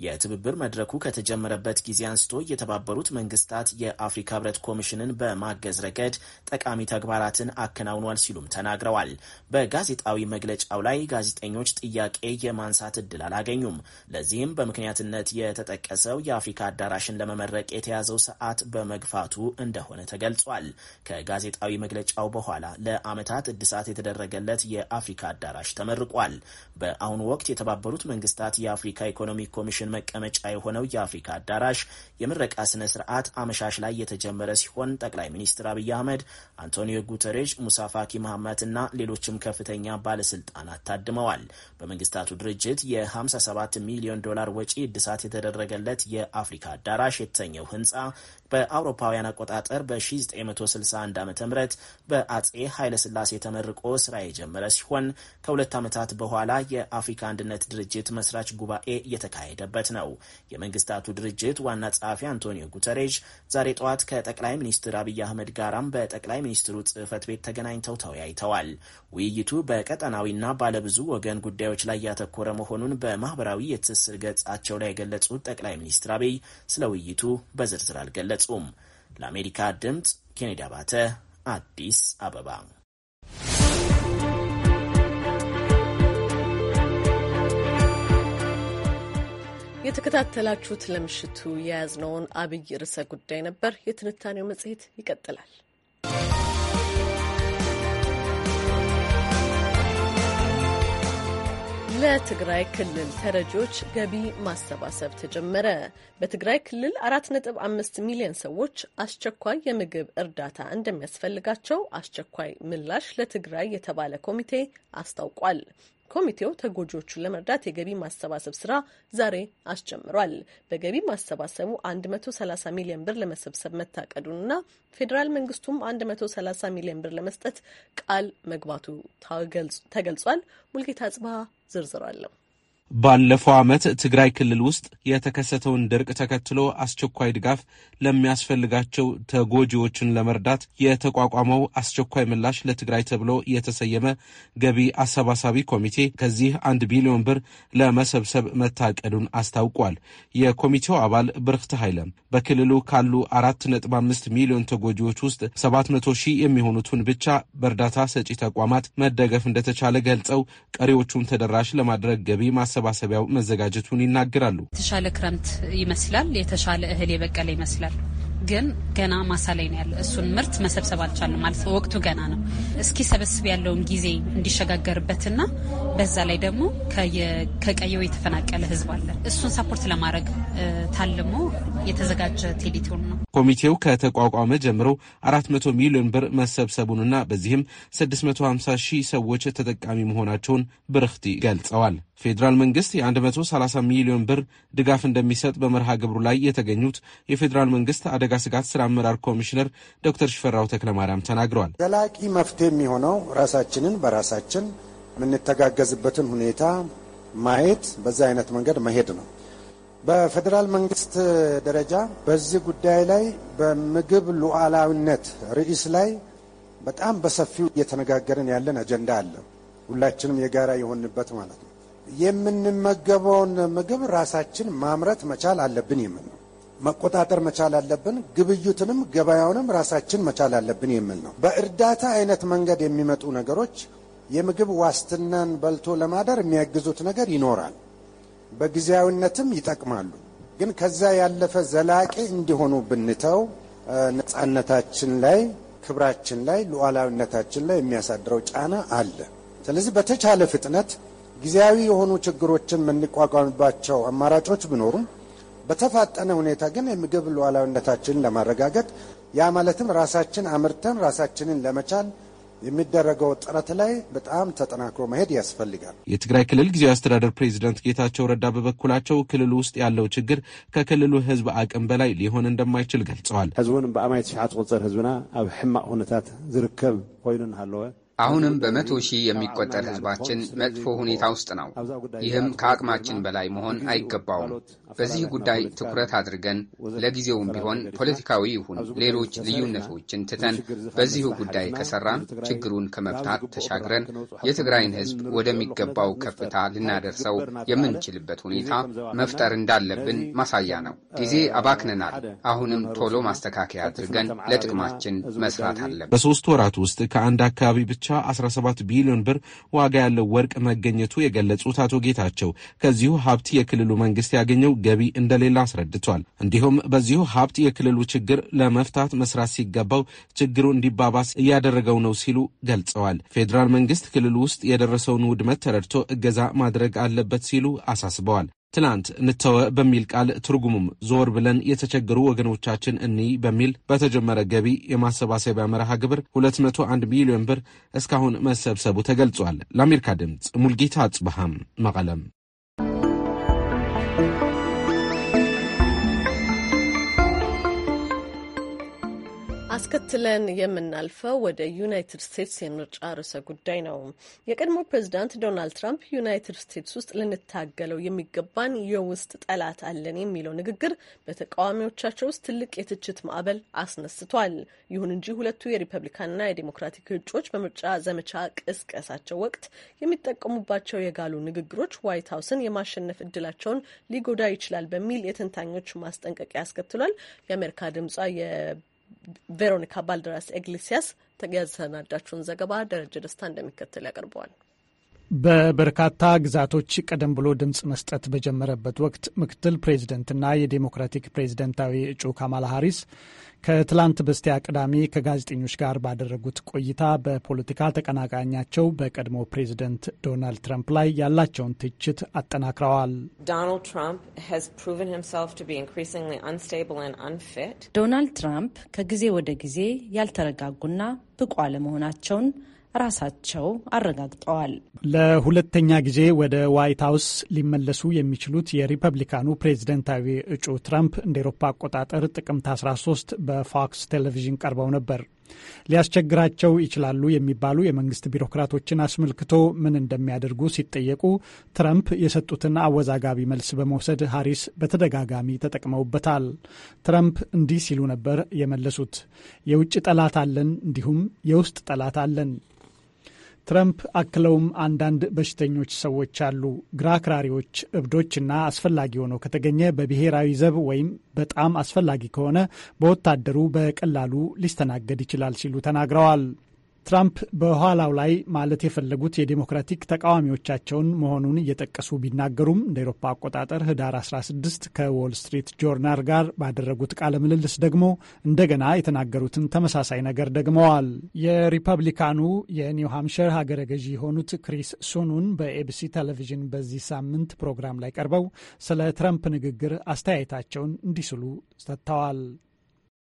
የትብብር መድረኩ ከተ ከተጀመረበት ጊዜ አንስቶ የተባበሩት መንግስታት የአፍሪካ ህብረት ኮሚሽንን በማገዝ ረገድ ጠቃሚ ተግባራትን አከናውኗል ሲሉም ተናግረዋል። በጋዜጣዊ መግለጫው ላይ ጋዜጠኞች ጥያቄ የማንሳት እድል አላገኙም። ለዚህም በምክንያትነት የተጠቀሰው የአፍሪካ አዳራሽን ለመመረቅ የተያዘው ሰዓት በመግፋቱ እንደሆነ ተገልጿል። ከጋዜጣዊ መግለጫው በኋላ ለአመታት እድሳት የተደረገለት የአፍሪካ አዳራሽ ተመርቋል። በአሁኑ ወቅት የተባበሩት መንግስታት የአፍሪካ ኢኮኖሚክ ኮሚሽን መቀመጫ የሆነው አፍሪካ አዳራሽ የምረቃ ስነ ስርዓት አመሻሽ ላይ የተጀመረ ሲሆን ጠቅላይ ሚኒስትር አብይ አህመድ፣ አንቶኒዮ ጉተሬጅ፣ ሙሳ ፋኪ መሐማትና ሌሎችም ከፍተኛ ባለስልጣናት ታድመዋል። በመንግስታቱ ድርጅት የ57 ሚሊዮን ዶላር ወጪ እድሳት የተደረገለት የአፍሪካ አዳራሽ የተሰኘው ህንፃ በአውሮፓውያን አቆጣጠር በ1961 ዓ ም በአጼ ኃይለስላሴ ተመርቆ ስራ የጀመረ ሲሆን ከሁለት ዓመታት በኋላ የአፍሪካ አንድነት ድርጅት መስራች ጉባኤ እየተካሄደበት ነው። የመንግስታቱ ድርጅት ዋና ጸሐፊ አንቶኒዮ ጉተሬዥ ዛሬ ጠዋት ከጠቅላይ ሚኒስትር አብይ አህመድ ጋራም በጠቅላይ ሚኒስትሩ ጽህፈት ቤት ተገናኝተው ተወያይተዋል። ውይይቱ በቀጠናዊና ባለብዙ ወገን ጉዳዮች ላይ ያተኮረ መሆኑን በማህበራዊ የትስስር ገጻቸው ላይ የገለጹት ጠቅላይ ሚኒስትር አብይ ስለ ውይይቱ በዝርዝር አልገለጹ አልገለጹም። ለአሜሪካ ድምፅ ኬኔዲ አባተ አዲስ አበባ። የተከታተላችሁት ለምሽቱ የያዝነውን አብይ ርዕሰ ጉዳይ ነበር። የትንታኔው መጽሔት ይቀጥላል። ለትግራይ ክልል ተረጂዎች ገቢ ማሰባሰብ ተጀመረ። በትግራይ ክልል 4.5 ሚሊዮን ሰዎች አስቸኳይ የምግብ እርዳታ እንደሚያስፈልጋቸው አስቸኳይ ምላሽ ለትግራይ የተባለ ኮሚቴ አስታውቋል። ኮሚቴው ተጎጂዎቹን ለመርዳት የገቢ ማሰባሰብ ስራ ዛሬ አስጀምሯል። በገቢ ማሰባሰቡ 130 ሚሊዮን ብር ለመሰብሰብ መታቀዱንና ፌዴራል መንግስቱም 130 ሚሊዮን ብር ለመስጠት ቃል መግባቱ ተገልጿል። ሙልጌታ ጽብሃ ዝርዝር አለው። ባለፈው ዓመት ትግራይ ክልል ውስጥ የተከሰተውን ድርቅ ተከትሎ አስቸኳይ ድጋፍ ለሚያስፈልጋቸው ተጎጂዎችን ለመርዳት የተቋቋመው አስቸኳይ ምላሽ ለትግራይ ተብሎ የተሰየመ ገቢ አሰባሳቢ ኮሚቴ ከዚህ አንድ ቢሊዮን ብር ለመሰብሰብ መታቀዱን አስታውቋል። የኮሚቴው አባል ብርክት ኃይለም በክልሉ ካሉ አራት ነጥብ አምስት ሚሊዮን ተጎጂዎች ውስጥ ሰባት መቶ ሺህ የሚሆኑትን ብቻ በእርዳታ ሰጪ ተቋማት መደገፍ እንደተቻለ ገልጸው ቀሪዎቹን ተደራሽ ለማድረግ ገቢ ማሰ ማሰባሰቢያው መዘጋጀቱን ይናገራሉ። የተሻለ ክረምት ይመስላል። የተሻለ እህል የበቀለ ይመስላል። ግን ገና ማሳ ላይ ነው ያለ። እሱን ምርት መሰብሰብ አልቻለም ማለት ነው። ወቅቱ ገና ነው። እስኪ ሰበስብ ያለውን ጊዜ እንዲሸጋገርበትና በዛ ላይ ደግሞ ከቀየው የተፈናቀለ ህዝብ አለ። እሱን ሰፖርት ለማድረግ ታልሞ የተዘጋጀ ቴሌቶን ነው። ኮሚቴው ከተቋቋመ ጀምሮ 400 ሚሊዮን ብር መሰብሰቡንና በዚህም 650 ሺህ ሰዎች ተጠቃሚ መሆናቸውን ብርክቲ ገልጸዋል። ፌዴራል መንግስት የ130 ሚሊዮን ብር ድጋፍ እንደሚሰጥ በመርሃ ግብሩ ላይ የተገኙት የፌዴራል መንግስት አደጋ ስጋት ስራ አመራር ኮሚሽነር ዶክተር ሽፈራው ተክለማርያም ተናግረዋል። ዘላቂ መፍትሄ የሚሆነው ራሳችንን በራሳችን የምንተጋገዝበትን ሁኔታ ማየት፣ በዛ አይነት መንገድ መሄድ ነው። በፌዴራል መንግስት ደረጃ በዚህ ጉዳይ ላይ በምግብ ሉዓላዊነት ርዕስ ላይ በጣም በሰፊው እየተነጋገርን ያለን አጀንዳ አለ። ሁላችንም የጋራ የሆንበት ማለት ነው። የምንመገበውን ምግብ ራሳችን ማምረት መቻል አለብን የሚል ነው። መቆጣጠር መቻል አለብን። ግብዩትንም ገበያውንም ራሳችን መቻል አለብን የሚል ነው። በእርዳታ አይነት መንገድ የሚመጡ ነገሮች የምግብ ዋስትናን በልቶ ለማደር የሚያግዙት ነገር ይኖራል። በጊዜያዊነትም ይጠቅማሉ። ግን ከዛ ያለፈ ዘላቂ እንዲሆኑ ብንተው ነፃነታችን ላይ፣ ክብራችን ላይ፣ ሉዓላዊነታችን ላይ የሚያሳድረው ጫና አለ። ስለዚህ በተቻለ ፍጥነት ጊዜያዊ የሆኑ ችግሮችን የምንቋቋምባቸው አማራጮች ቢኖሩም በተፋጠነ ሁኔታ ግን የምግብ ሉዓላዊነታችንን ለማረጋገጥ ያ ማለትም ራሳችን አምርተን ራሳችንን ለመቻል የሚደረገው ጥረት ላይ በጣም ተጠናክሮ መሄድ ያስፈልጋል። የትግራይ ክልል ጊዜያዊ አስተዳደር ፕሬዚደንት ጌታቸው ረዳ በበኩላቸው ክልሉ ውስጥ ያለው ችግር ከክልሉ ህዝብ አቅም በላይ ሊሆን እንደማይችል ገልጸዋል። ህዝቡን ብኣማይ ትሽዓት ቁፅር ህዝብና አብ ሕማቅ ሁነታት ዝርከብ ኮይኑ ንሃለወ አሁንም በመቶ ሺህ የሚቆጠር ህዝባችን መጥፎ ሁኔታ ውስጥ ነው። ይህም ከአቅማችን በላይ መሆን አይገባውም። በዚህ ጉዳይ ትኩረት አድርገን ለጊዜውም ቢሆን ፖለቲካዊ ይሁን ሌሎች ልዩነቶችን ትተን በዚሁ ጉዳይ ከሰራን ችግሩን ከመፍታት ተሻግረን የትግራይን ህዝብ ወደሚገባው ከፍታ ልናደርሰው የምንችልበት ሁኔታ መፍጠር እንዳለብን ማሳያ ነው። ጊዜ አባክነናል። አሁንም ቶሎ ማስተካከያ አድርገን ለጥቅማችን መስራት አለብን። በሶስት ወራት ውስጥ ከአንድ አካባቢ ብቻ ብቻ 17 ቢሊዮን ብር ዋጋ ያለው ወርቅ መገኘቱ የገለጹት አቶ ጌታቸው ከዚሁ ሀብት የክልሉ መንግስት ያገኘው ገቢ እንደሌለ አስረድቷል። እንዲሁም በዚሁ ሀብት የክልሉ ችግር ለመፍታት መስራት ሲገባው ችግሩ እንዲባባስ እያደረገው ነው ሲሉ ገልጸዋል። ፌዴራል መንግስት ክልሉ ውስጥ የደረሰውን ውድመት ተረድቶ እገዛ ማድረግ አለበት ሲሉ አሳስበዋል። ትናንት እንተወ በሚል ቃል ትርጉሙም ዞር ብለን የተቸገሩ ወገኖቻችን እኒ በሚል በተጀመረ ገቢ የማሰባሰቢያ መርሃ ግብር 201 ሚሊዮን ብር እስካሁን መሰብሰቡ ተገልጿል። ለአሜሪካ ድምፅ ሙልጌታ አጽብሃም መቀለም አስከትለን የምናልፈው ወደ ዩናይትድ ስቴትስ የምርጫ ርዕሰ ጉዳይ ነው። የቀድሞ ፕሬዚዳንት ዶናልድ ትራምፕ ዩናይትድ ስቴትስ ውስጥ ልንታገለው የሚገባን የውስጥ ጠላት አለን የሚለው ንግግር በተቃዋሚዎቻቸው ውስጥ ትልቅ የትችት ማዕበል አስነስቷል። ይሁን እንጂ ሁለቱ የሪፐብሊካንና የዴሞክራቲክ እጩዎች በምርጫ ዘመቻ ቅስቀሳቸው ወቅት የሚጠቀሙባቸው የጋሉ ንግግሮች ዋይት ሀውስን የማሸነፍ እድላቸውን ሊጎዳ ይችላል በሚል የተንታኞች ማስጠንቀቂያ አስከትሏል። የአሜሪካ ድምጿ ቬሮኒካ ባልደራስ ኤግሊሲያስ ያሰናዳችውን ዘገባ ደረጀ ደስታ እንደሚከተል ያቀርበዋል። በበርካታ ግዛቶች ቀደም ብሎ ድምፅ መስጠት በጀመረበት ወቅት ምክትል ፕሬዚደንትና የዴሞክራቲክ ፕሬዚደንታዊ እጩ ካማላ ሀሪስ ከትላንት በስቲያ ቅዳሜ ከጋዜጠኞች ጋር ባደረጉት ቆይታ በፖለቲካ ተቀናቃኛቸው በቀድሞ ፕሬዚደንት ዶናልድ ትራምፕ ላይ ያላቸውን ትችት አጠናክረዋል። ዶናልድ ትራምፕ ከጊዜ ወደ ጊዜ ያልተረጋጉና ብቁ አለመሆናቸውን ራሳቸው አረጋግጠዋል። ለሁለተኛ ጊዜ ወደ ዋይት ሀውስ ሊመለሱ የሚችሉት የሪፐብሊካኑ ፕሬዚደንታዊ እጩ ትራምፕ እንደ ኤሮፓ አቆጣጠር ጥቅምት 13 በፎክስ ቴሌቪዥን ቀርበው ነበር። ሊያስቸግራቸው ይችላሉ የሚባሉ የመንግስት ቢሮክራቶችን አስመልክቶ ምን እንደሚያደርጉ ሲጠየቁ ትረምፕ የሰጡትን አወዛጋቢ መልስ በመውሰድ ሀሪስ በተደጋጋሚ ተጠቅመውበታል። ትረምፕ እንዲህ ሲሉ ነበር የመለሱት፣ የውጭ ጠላት አለን፣ እንዲሁም የውስጥ ጠላት አለን። ትረምፕ አክለውም አንዳንድ በሽተኞች ሰዎች አሉ፣ ግራ እብዶች እብዶችና አስፈላጊ ሆኖ ከተገኘ በብሔራዊ ዘብ ወይም በጣም አስፈላጊ ከሆነ በወታደሩ በቀላሉ ሊስተናገድ ይችላል ሲሉ ተናግረዋል። ትራምፕ በኋላው ላይ ማለት የፈለጉት የዴሞክራቲክ ተቃዋሚዎቻቸውን መሆኑን እየጠቀሱ ቢናገሩም እንደ ኤሮፓ አቆጣጠር ህዳር 16 ከዎል ስትሪት ጆርናል ጋር ባደረጉት ቃለ ምልልስ ደግሞ እንደገና የተናገሩትን ተመሳሳይ ነገር ደግመዋል። የሪፐብሊካኑ የኒው ሃምሽር ሀገረ ገዢ የሆኑት ክሪስ ሱኑን በኤቢሲ ቴሌቪዥን በዚህ ሳምንት ፕሮግራም ላይ ቀርበው ስለ ትራምፕ ንግግር አስተያየታቸውን እንዲህ ሰጥተዋል።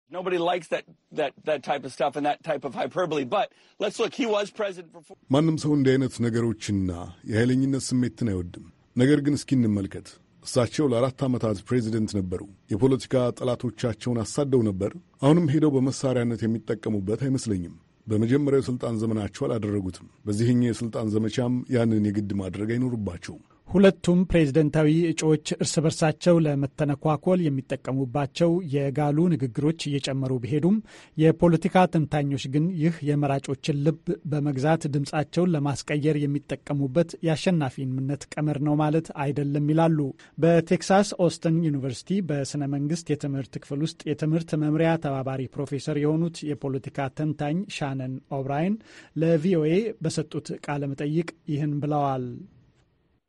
Nobody likes that, that, that type of stuff and that type of hyperbole. But let's look, he was president for four... ማንም ሰው እንዲህ አይነት ነገሮችና የኃይለኝነት ስሜትን አይወድም። ነገር ግን እስኪ እንመልከት። እሳቸው ለአራት ዓመታት ፕሬዚደንት ነበሩ። የፖለቲካ ጠላቶቻቸውን አሳደው ነበር። አሁንም ሄደው በመሳሪያነት የሚጠቀሙበት አይመስለኝም። በመጀመሪያው የሥልጣን ዘመናቸው አላደረጉትም። በዚህኛው የሥልጣን ዘመቻም ያንን የግድ ማድረግ አይኖርባቸውም። ሁለቱም ፕሬዝደንታዊ እጩዎች እርስ በርሳቸው ለመተነኳኮል የሚጠቀሙባቸው የጋሉ ንግግሮች እየጨመሩ ቢሄዱም የፖለቲካ ተንታኞች ግን ይህ የመራጮችን ልብ በመግዛት ድምፃቸውን ለማስቀየር የሚጠቀሙበት የአሸናፊነት ቀመር ነው ማለት አይደለም ይላሉ። በቴክሳስ ኦስተን ዩኒቨርሲቲ በስነ መንግስት የትምህርት ክፍል ውስጥ የትምህርት መምሪያ ተባባሪ ፕሮፌሰር የሆኑት የፖለቲካ ተንታኝ ሻነን ኦብራይን ለቪኦኤ በሰጡት ቃለ መጠይቅ ይህን ብለዋል።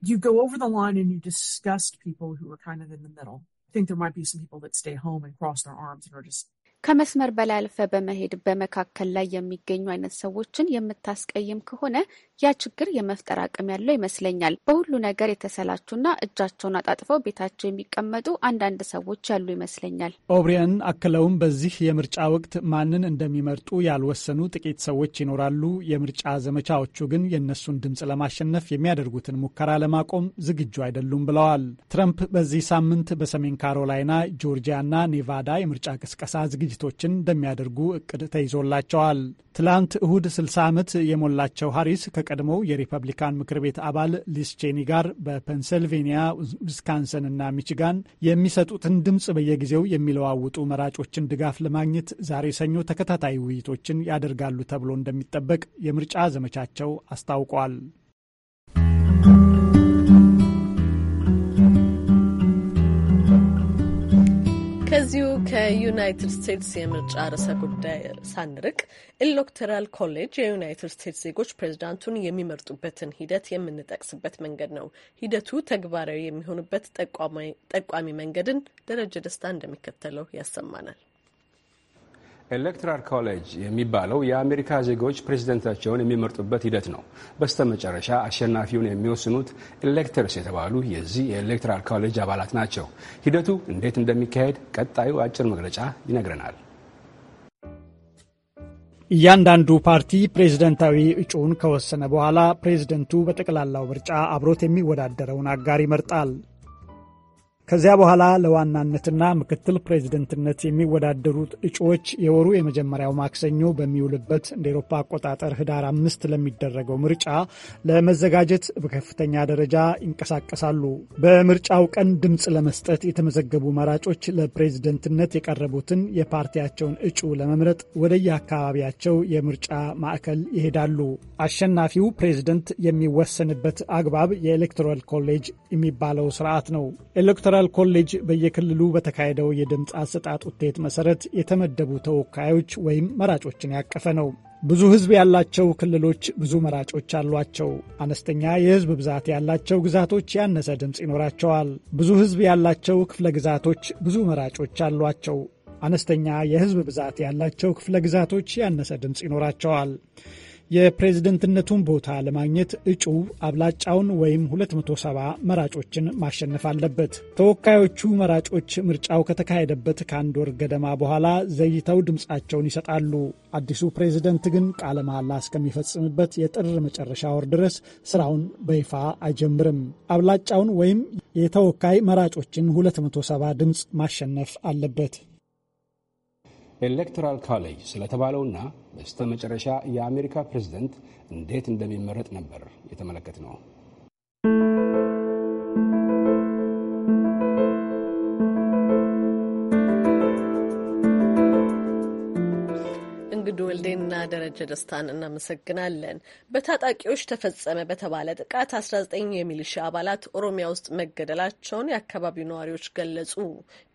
you go over the line and you disgust people who are kind of in the middle. I think there might be some people that stay home and cross their arms and are just ከመስመር በላይ አልፈ በመሄድ በመካከል ላይ የሚገኙ አይነት ሰዎችን የምታስቀይም ከሆነ ያ ችግር የመፍጠር አቅም ያለው ይመስለኛል። በሁሉ ነገር የተሰላቹና እጃቸውን አጣጥፈው ቤታቸው የሚቀመጡ አንዳንድ ሰዎች ያሉ ይመስለኛል። ኦብሪያን አክለውም በዚህ የምርጫ ወቅት ማንን እንደሚመርጡ ያልወሰኑ ጥቂት ሰዎች ይኖራሉ። የምርጫ ዘመቻዎቹ ግን የእነሱን ድምፅ ለማሸነፍ የሚያደርጉትን ሙከራ ለማቆም ዝግጁ አይደሉም ብለዋል። ትረምፕ በዚህ ሳምንት በሰሜን ካሮላይና፣ ጆርጂያና ኔቫዳ የምርጫ ቅስቀሳ ዝግጅት ዝግጅቶችን እንደሚያደርጉ እቅድ ተይዞላቸዋል። ትላንት እሁድ 60 ዓመት የሞላቸው ሃሪስ ከቀድሞው የሪፐብሊካን ምክር ቤት አባል ሊስ ቼኒ ጋር በፔንሰልቬኒያ ዊስካንሰን እና ሚችጋን የሚሰጡትን ድምፅ በየጊዜው የሚለዋውጡ መራጮችን ድጋፍ ለማግኘት ዛሬ ሰኞ ተከታታይ ውይይቶችን ያደርጋሉ ተብሎ እንደሚጠበቅ የምርጫ ዘመቻቸው አስታውቋል። ከዚሁ ከዩናይትድ ስቴትስ የምርጫ ርዕሰ ጉዳይ ሳንርቅ ኤሌክቶራል ኮሌጅ የዩናይትድ ስቴትስ ዜጎች ፕሬዚዳንቱን የሚመርጡበትን ሂደት የምንጠቅስበት መንገድ ነው። ሂደቱ ተግባራዊ የሚሆንበት ጠቋሚ መንገድን ደረጀ ደስታ እንደሚከተለው ያሰማናል። ኤሌክትራል ኮሌጅ የሚባለው የአሜሪካ ዜጎች ፕሬዝደንታቸውን የሚመርጡበት ሂደት ነው። በስተመጨረሻ አሸናፊውን የሚወስኑት ኤሌክተርስ የተባሉ የዚህ የኤሌክትራል ኮሌጅ አባላት ናቸው። ሂደቱ እንዴት እንደሚካሄድ ቀጣዩ አጭር መግለጫ ይነግረናል። እያንዳንዱ ፓርቲ ፕሬዝደንታዊ እጩውን ከወሰነ በኋላ ፕሬዝደንቱ በጠቅላላው ምርጫ አብሮት የሚወዳደረውን አጋር ይመርጣል። ከዚያ በኋላ ለዋናነትና ምክትል ፕሬዝደንትነት የሚወዳደሩት እጩዎች የወሩ የመጀመሪያው ማክሰኞ በሚውልበት እንደ ኤሮፓ አቆጣጠር ህዳር አምስት ለሚደረገው ምርጫ ለመዘጋጀት በከፍተኛ ደረጃ ይንቀሳቀሳሉ። በምርጫው ቀን ድምፅ ለመስጠት የተመዘገቡ መራጮች ለፕሬዝደንትነት የቀረቡትን የፓርቲያቸውን እጩ ለመምረጥ ወደየአካባቢያቸው የምርጫ ማዕከል ይሄዳሉ። አሸናፊው ፕሬዝደንት የሚወሰንበት አግባብ የኤሌክቶራል ኮሌጅ የሚባለው ስርዓት ነው። ኤሌክቶራል ኮሌጅ በየክልሉ በተካሄደው የድምፅ አሰጣጥ ውጤት መሰረት የተመደቡ ተወካዮች ወይም መራጮችን ያቀፈ ነው። ብዙ ሕዝብ ያላቸው ክልሎች ብዙ መራጮች አሏቸው። አነስተኛ የሕዝብ ብዛት ያላቸው ግዛቶች ያነሰ ድምፅ ይኖራቸዋል። ብዙ ሕዝብ ያላቸው ክፍለ ግዛቶች ብዙ መራጮች አሏቸው። አነስተኛ የሕዝብ ብዛት ያላቸው ክፍለ ግዛቶች ያነሰ ድምፅ ይኖራቸዋል። የፕሬዝደንትነቱን ቦታ ለማግኘት እጩ አብላጫውን ወይም 270 መራጮችን ማሸነፍ አለበት። ተወካዮቹ መራጮች ምርጫው ከተካሄደበት ከአንድ ወር ገደማ በኋላ ዘይተው ድምፃቸውን ይሰጣሉ። አዲሱ ፕሬዝደንት ግን ቃለ መሐላ እስከሚፈጽምበት የጥር መጨረሻ ወር ድረስ ስራውን በይፋ አይጀምርም። አብላጫውን ወይም የተወካይ መራጮችን 270 ድምፅ ማሸነፍ አለበት። ኤሌክቶራል ካሌጅ ስለተባለውና በስተ መጨረሻ የአሜሪካ ፕሬዝደንት እንዴት እንደሚመረጥ ነበር የተመለከት ነው። ወልዴና ደረጀ ደስታን እናመሰግናለን። በታጣቂዎች ተፈጸመ በተባለ ጥቃት 19 የሚሊሻ አባላት ኦሮሚያ ውስጥ መገደላቸውን የአካባቢው ነዋሪዎች ገለጹ።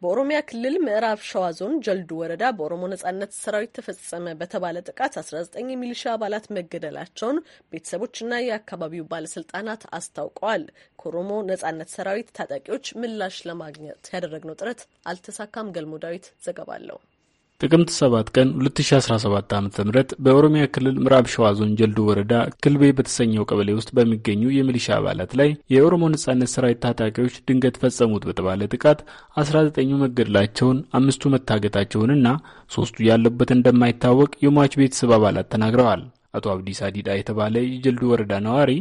በኦሮሚያ ክልል ምዕራብ ሸዋ ዞን ጀልዱ ወረዳ በኦሮሞ ነጻነት ሰራዊት ተፈጸመ በተባለ ጥቃት 19 የሚሊሻ አባላት መገደላቸውን ቤተሰቦችና የአካባቢው ባለስልጣናት አስታውቀዋል። ከኦሮሞ ነጻነት ሰራዊት ታጣቂዎች ምላሽ ለማግኘት ያደረግነው ጥረት አልተሳካም። ገልሞ ዳዊት ዘገባለሁ ጥቅምት 7 ቀን 2017 ዓ ም በኦሮሚያ ክልል ምዕራብ ሸዋ ዞን ጀልዱ ወረዳ ክልቤ በተሰኘው ቀበሌ ውስጥ በሚገኙ የሚሊሻ አባላት ላይ የኦሮሞ ነጻነት ሰራዊት ታጣቂዎች ድንገት ፈጸሙት በተባለ ጥቃት 19ኙ መገደላቸውን፣ አምስቱ መታገታቸውንና ሶስቱ ያለበት እንደማይታወቅ የሟች ቤተሰብ አባላት ተናግረዋል። አቶ አብዲስ አዲዳ የተባለ የጀልዱ ወረዳ ነዋሪ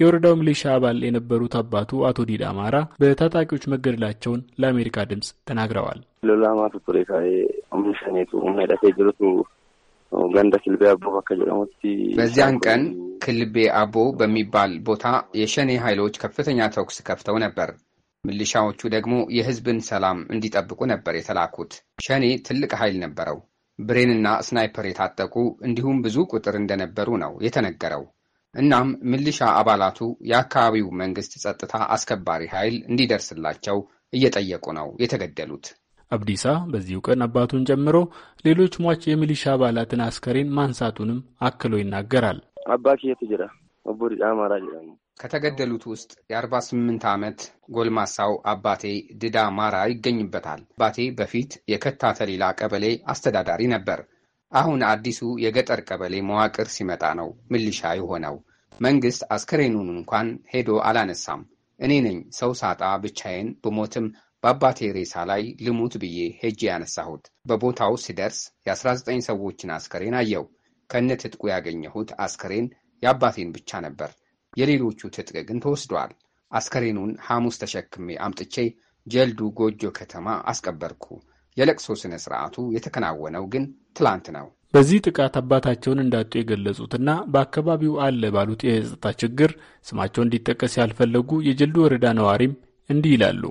የወረዳው ሚሊሻ አባል የነበሩት አባቱ አቶ ዲዳ አማራ በታጣቂዎች መገደላቸውን ለአሜሪካ ድምጽ ተናግረዋል። ሎላማቱ ገንደ ክልቤ አቦ በዚያን ቀን ክልቤ አቦ በሚባል ቦታ የሸኔ ኃይሎች ከፍተኛ ተኩስ ከፍተው ነበር። ምልሻዎቹ ደግሞ የህዝብን ሰላም እንዲጠብቁ ነበር የተላኩት። ሸኔ ትልቅ ኃይል ነበረው። ብሬንና ስናይፐር የታጠቁ እንዲሁም ብዙ ቁጥር እንደነበሩ ነው የተነገረው። እናም ምልሻ አባላቱ የአካባቢው መንግስት ጸጥታ አስከባሪ ኃይል እንዲደርስላቸው እየጠየቁ ነው የተገደሉት። አብዲሳ በዚሁ ቀን አባቱን ጨምሮ ሌሎች ሟች የሚሊሻ አባላትን አስከሬን ማንሳቱንም አክሎ ይናገራል። አባኪ የትጅራ ከተገደሉት ውስጥ የ48 ዓመት ጎልማሳው አባቴ ድዳ ማራ ይገኝበታል። አባቴ በፊት የከታ ቀበሌ አስተዳዳሪ ነበር። አሁን አዲሱ የገጠር ቀበሌ መዋቅር ሲመጣ ነው ምልሻ የሆነው። መንግስት አስከሬኑን እንኳን ሄዶ አላነሳም። እኔ ነኝ ሰው ሳጣ ብቻዬን ብሞትም በአባቴ ሬሳ ላይ ልሙት ብዬ ሄጄ ያነሳሁት። በቦታው ሲደርስ የ19 ሰዎችን አስከሬን አየው። ከነ ትጥቁ ያገኘሁት አስከሬን የአባቴን ብቻ ነበር። የሌሎቹ ትጥቅ ግን ተወስደዋል። አስከሬኑን ሐሙስ ተሸክሜ አምጥቼ ጀልዱ ጎጆ ከተማ አስቀበርኩ። የለቅሶ ስነ ስርዓቱ የተከናወነው ግን ትላንት ነው። በዚህ ጥቃት አባታቸውን እንዳጡ የገለጹትና በአካባቢው አለ ባሉት የጸጥታ ችግር ስማቸው እንዲጠቀስ ያልፈለጉ የጀልዱ ወረዳ ነዋሪም እንዲህ ይላሉ።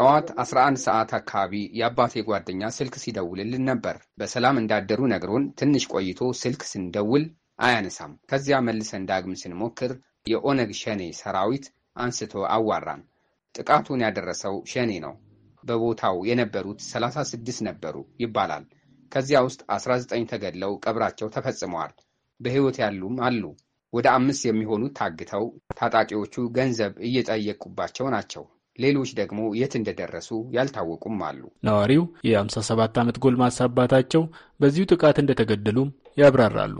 ጠዋት 11 ሰዓት አካባቢ የአባቴ ጓደኛ ስልክ ሲደውልልን ነበር። በሰላም እንዳደሩ ነግሮን ትንሽ ቆይቶ ስልክ ስንደውል አያነሳም። ከዚያ መልሰን ዳግም ስንሞክር የኦነግ ሸኔ ሰራዊት አንስቶ አዋራን። ጥቃቱን ያደረሰው ሸኔ ነው። በቦታው የነበሩት 36 ነበሩ ይባላል። ከዚያ ውስጥ 19 ተገድለው ቀብራቸው ተፈጽመዋል። በሕይወት ያሉም አሉ። ወደ አምስት የሚሆኑት ታግተው ታጣቂዎቹ ገንዘብ እየጠየቁባቸው ናቸው። ሌሎች ደግሞ የት እንደደረሱ ያልታወቁም አሉ። ነዋሪው የ57 ዓመት ጎልማሳ አባታቸው በዚሁ ጥቃት እንደተገደሉም ያብራራሉ።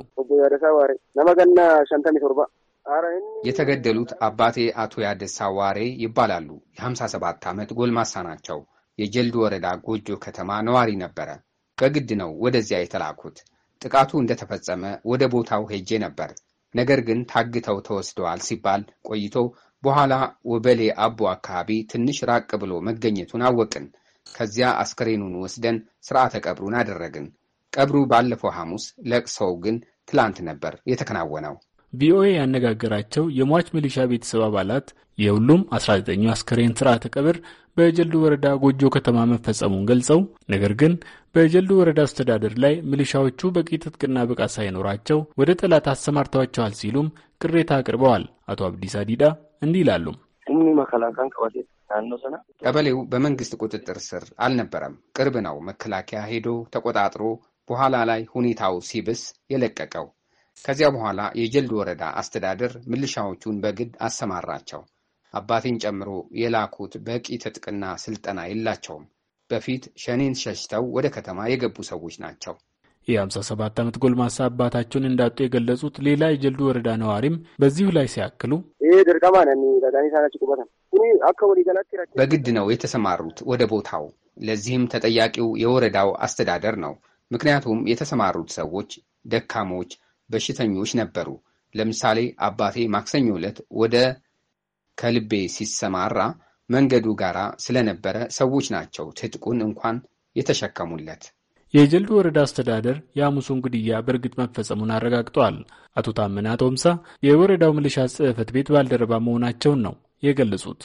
የተገደሉት አባቴ አቶ ያደሳ ዋሬ ይባላሉ። የ57 ዓመት ጎልማሳ ናቸው። የጀልድ ወረዳ ጎጆ ከተማ ነዋሪ ነበረ። በግድ ነው ወደዚያ የተላኩት። ጥቃቱ እንደተፈጸመ ወደ ቦታው ሄጄ ነበር። ነገር ግን ታግተው ተወስደዋል ሲባል ቆይቶ በኋላ ወበሌ አቦ አካባቢ ትንሽ ራቅ ብሎ መገኘቱን አወቅን። ከዚያ አስከሬኑን ወስደን ስርዓተ ቀብሩን አደረግን። ቀብሩ ባለፈው ሐሙስ፣ ለቅሰው ግን ትላንት ነበር የተከናወነው። ቪኦኤ ያነጋገራቸው የሟች ሚሊሻ ቤተሰብ አባላት የሁሉም 19ኙ አስከሬን ስርዓተ ቀብር በጀልዱ ወረዳ ጎጆ ከተማ መፈጸሙን ገልጸው ነገር ግን በጀልዱ ወረዳ አስተዳደር ላይ ሚሊሻዎቹ በቂ ትጥቅና ብቃት ሳይኖራቸው ወደ ጠላት አሰማርተዋቸዋል ሲሉም ቅሬታ አቅርበዋል። አቶ አብዲስ አዲዳ እንዲህ ይላሉ። ቀበሌው በመንግስት ቁጥጥር ስር አልነበረም። ቅርብ ነው መከላከያ ሄዶ ተቆጣጥሮ በኋላ ላይ ሁኔታው ሲብስ የለቀቀው ከዚያ በኋላ የጀልድ ወረዳ አስተዳደር ምልሻዎቹን በግድ አሰማራቸው። አባቴን ጨምሮ የላኩት በቂ ትጥቅና ስልጠና የላቸውም። በፊት ሸኔን ሸሽተው ወደ ከተማ የገቡ ሰዎች ናቸው። የ57 ዓመት ጎልማሳ አባታቸውን እንዳጡ የገለጹት ሌላ የጀልዱ ወረዳ ነዋሪም በዚሁ ላይ ሲያክሉ በግድ ነው የተሰማሩት ወደ ቦታው። ለዚህም ተጠያቂው የወረዳው አስተዳደር ነው። ምክንያቱም የተሰማሩት ሰዎች ደካሞች በሽተኞች ነበሩ። ለምሳሌ አባቴ ማክሰኞ ዕለት ወደ ከልቤ ሲሰማራ መንገዱ ጋራ ስለነበረ ሰዎች ናቸው ትጥቁን እንኳን የተሸከሙለት። የጀልዱ ወረዳ አስተዳደር የሐሙሱን ግድያ በእርግጥ መፈጸሙን አረጋግጠዋል። አቶ ታመና ቶምሳ የወረዳው ምልሻ ጽህፈት ቤት ባልደረባ መሆናቸውን ነው የገለጹት።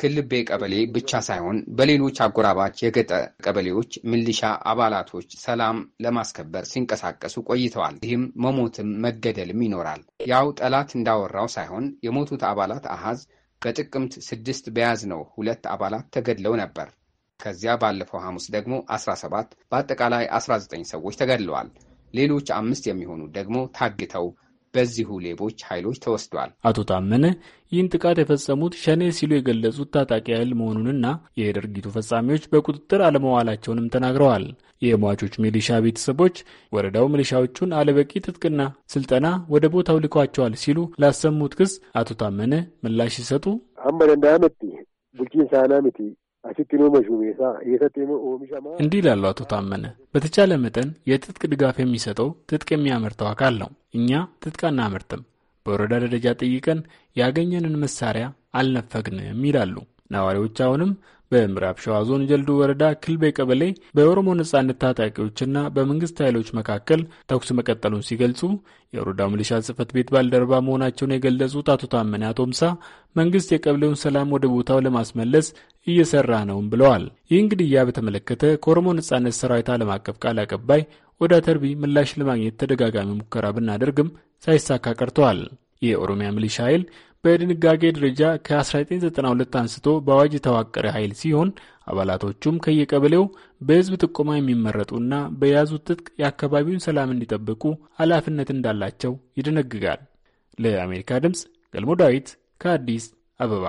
ክልቤ ቀበሌ ብቻ ሳይሆን በሌሎች አጎራባች የገጠር ቀበሌዎች ሚሊሻ አባላቶች ሰላም ለማስከበር ሲንቀሳቀሱ ቆይተዋል። ይህም መሞትም መገደልም ይኖራል። ያው ጠላት እንዳወራው ሳይሆን የሞቱት አባላት አሃዝ በጥቅምት ስድስት በያዝ ነው ሁለት አባላት ተገድለው ነበር። ከዚያ ባለፈው ሐሙስ ደግሞ 17 በአጠቃላይ 19 ሰዎች ተገድለዋል። ሌሎች አምስት የሚሆኑ ደግሞ ታግተው በዚሁ ሌቦች ኃይሎች ተወስዷል። አቶ ታመነ ይህን ጥቃት የፈጸሙት ሸኔ ሲሉ የገለጹት ታጣቂ ኃይል መሆኑንና የድርጊቱ ፈጻሚዎች በቁጥጥር አለመዋላቸውንም ተናግረዋል። የሟቾች ሚሊሻ ቤተሰቦች ወረዳው ሚሊሻዎቹን አለበቂ ትጥቅና ስልጠና ወደ ቦታው ልኳቸዋል ሲሉ ላሰሙት ክስ አቶ ታመነ ምላሽ ሲሰጡ አምበለንዳ እንዳያመጥ ቡልቺን ሳና ምቲ እንዲህ ይላሉ አቶ ታመነ። በተቻለ መጠን የትጥቅ ድጋፍ የሚሰጠው ትጥቅ የሚያመርተው አካል ነው። እኛ ትጥቅ አናመርትም። በወረዳ ደረጃ ጠይቀን ያገኘንን መሳሪያ አልነፈግንም ይላሉ ነዋሪዎች። አሁንም በምዕራብ ሸዋ ዞን ጀልዱ ወረዳ ክልቤ ቀበሌ በኦሮሞ ነጻነት ታጣቂዎችና በመንግስት ኃይሎች መካከል ተኩስ መቀጠሉን ሲገልጹ የወረዳው ሚሊሻ ጽህፈት ቤት ባልደረባ መሆናቸውን የገለጹት አቶ ታመነ አቶምሳ መንግስት የቀበሌውን ሰላም ወደ ቦታው ለማስመለስ እየሰራ ነውም ብለዋል። ይህ እንግዲያ በተመለከተ ከኦሮሞ ነጻነት ሰራዊት ዓለም አቀፍ ቃል አቀባይ ወደ ተርቢ ምላሽ ለማግኘት ተደጋጋሚ ሙከራ ብናደርግም ሳይሳካ ቀርተዋል። የኦሮሚያ ሚሊሻ ኃይል በድንጋጌ ደረጃ ከ1992 አንስቶ በአዋጅ የተዋቀረ ኃይል ሲሆን አባላቶቹም ከየቀበሌው በሕዝብ ጥቆማ የሚመረጡና በያዙት ትጥቅ የአካባቢውን ሰላም እንዲጠብቁ ኃላፊነት እንዳላቸው ይደነግጋል። ለአሜሪካ ድምፅ ገልሞ ዳዊት ከአዲስ አበባ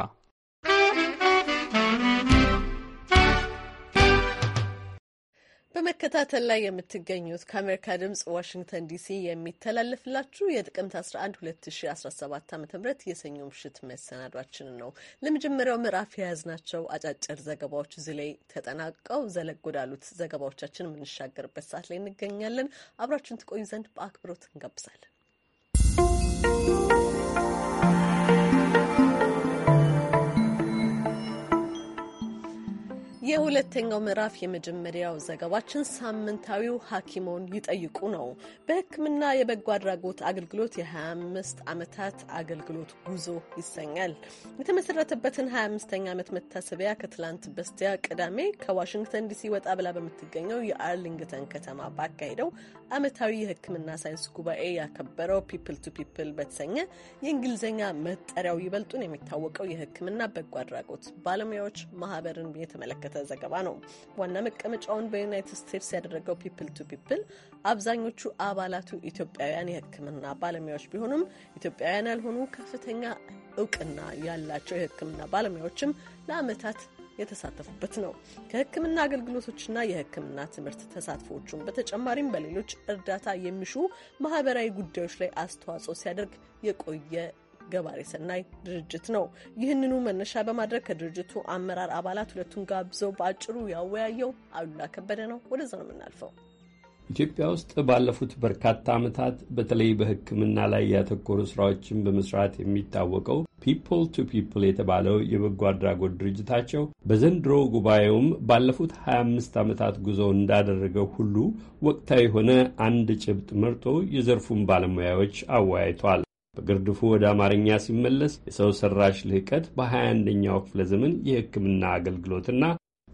በመከታተል ላይ የምትገኙት ከአሜሪካ ድምጽ ዋሽንግተን ዲሲ የሚተላለፍላችሁ የጥቅምት 11 2017 ዓ ም የሰኞ ምሽት መሰናዷችንን ነው። ለመጀመሪያው ምዕራፍ የያዝናቸው አጫጭር ዘገባዎች እዚህ ላይ ተጠናቀው ዘለግ ወዳሉት ዘገባዎቻችን የምንሻገርበት ሰዓት ላይ እንገኛለን። አብራችን ትቆዩ ዘንድ በአክብሮት እንጋብዛለን። የሁለተኛው ምዕራፍ የመጀመሪያው ዘገባችን ሳምንታዊው ሐኪሞን ይጠይቁ ነው። በሕክምና የበጎ አድራጎት አገልግሎት የ25 ዓመታት አገልግሎት ጉዞ ይሰኛል። የተመሰረተበትን 25ኛ ዓመት መታሰቢያ ከትላንት በስቲያ ቅዳሜ ከዋሽንግተን ዲሲ ወጣ ብላ በምትገኘው የአርሊንግተን ከተማ ባካሄደው ዓመታዊ የሕክምና ሳይንስ ጉባኤ ያከበረው ፒፕል ቱ ፒፕል በተሰኘ የእንግሊዝኛ መጠሪያው ይበልጡን የሚታወቀው የሕክምና በጎ አድራጎት ባለሙያዎች ማህበርን የተመለከተ ዘገባ ነው። ዋና መቀመጫውን በዩናይትድ ስቴትስ ያደረገው ፒፕል ቱ ፒፕል አብዛኞቹ አባላቱ ኢትዮጵያውያን የሕክምና ባለሙያዎች ቢሆኑም ኢትዮጵያውያን ያልሆኑ ከፍተኛ እውቅና ያላቸው የሕክምና ባለሙያዎችም ለዓመታት የተሳተፉበት ነው። ከህክምና አገልግሎቶችና የህክምና ትምህርት ተሳትፎዎቹን በተጨማሪም በሌሎች እርዳታ የሚሹ ማህበራዊ ጉዳዮች ላይ አስተዋጽኦ ሲያደርግ የቆየ ገባሬ ሰናይ ድርጅት ነው። ይህንኑ መነሻ በማድረግ ከድርጅቱ አመራር አባላት ሁለቱን ጋብዘው በአጭሩ ያወያየው አሉላ ከበደ ነው። ወደዛ ነው የምናልፈው። ኢትዮጵያ ውስጥ ባለፉት በርካታ ዓመታት በተለይ በሕክምና ላይ ያተኮሩ ስራዎችን በመስራት የሚታወቀው ፒፕል ቱ ፒፕል የተባለው የበጎ አድራጎት ድርጅታቸው በዘንድሮ ጉባኤውም ባለፉት 25 ዓመታት ጉዞ እንዳደረገው ሁሉ ወቅታዊ የሆነ አንድ ጭብጥ መርጦ የዘርፉን ባለሙያዎች አወያይቷል። በግርድፉ ወደ አማርኛ ሲመለስ የሰው ሰራሽ ልህቀት በ21ኛው ክፍለ ዘመን የሕክምና አገልግሎትና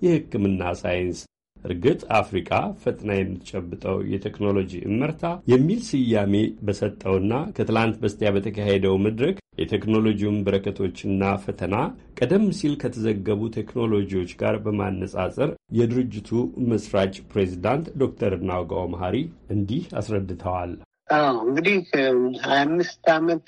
የሕክምና ሳይንስ እርግጥ አፍሪካ ፈጥና የምትጨብጠው የቴክኖሎጂ እመርታ የሚል ስያሜ በሰጠውና ከትላንት በስቲያ በተካሄደው መድረክ የቴክኖሎጂውን በረከቶችና ፈተና ቀደም ሲል ከተዘገቡ ቴክኖሎጂዎች ጋር በማነጻጸር የድርጅቱ መስራች ፕሬዚዳንት ዶክተር ናውጋው መሀሪ እንዲህ አስረድተዋል። እንግዲህ ሀያ አምስት ዓመት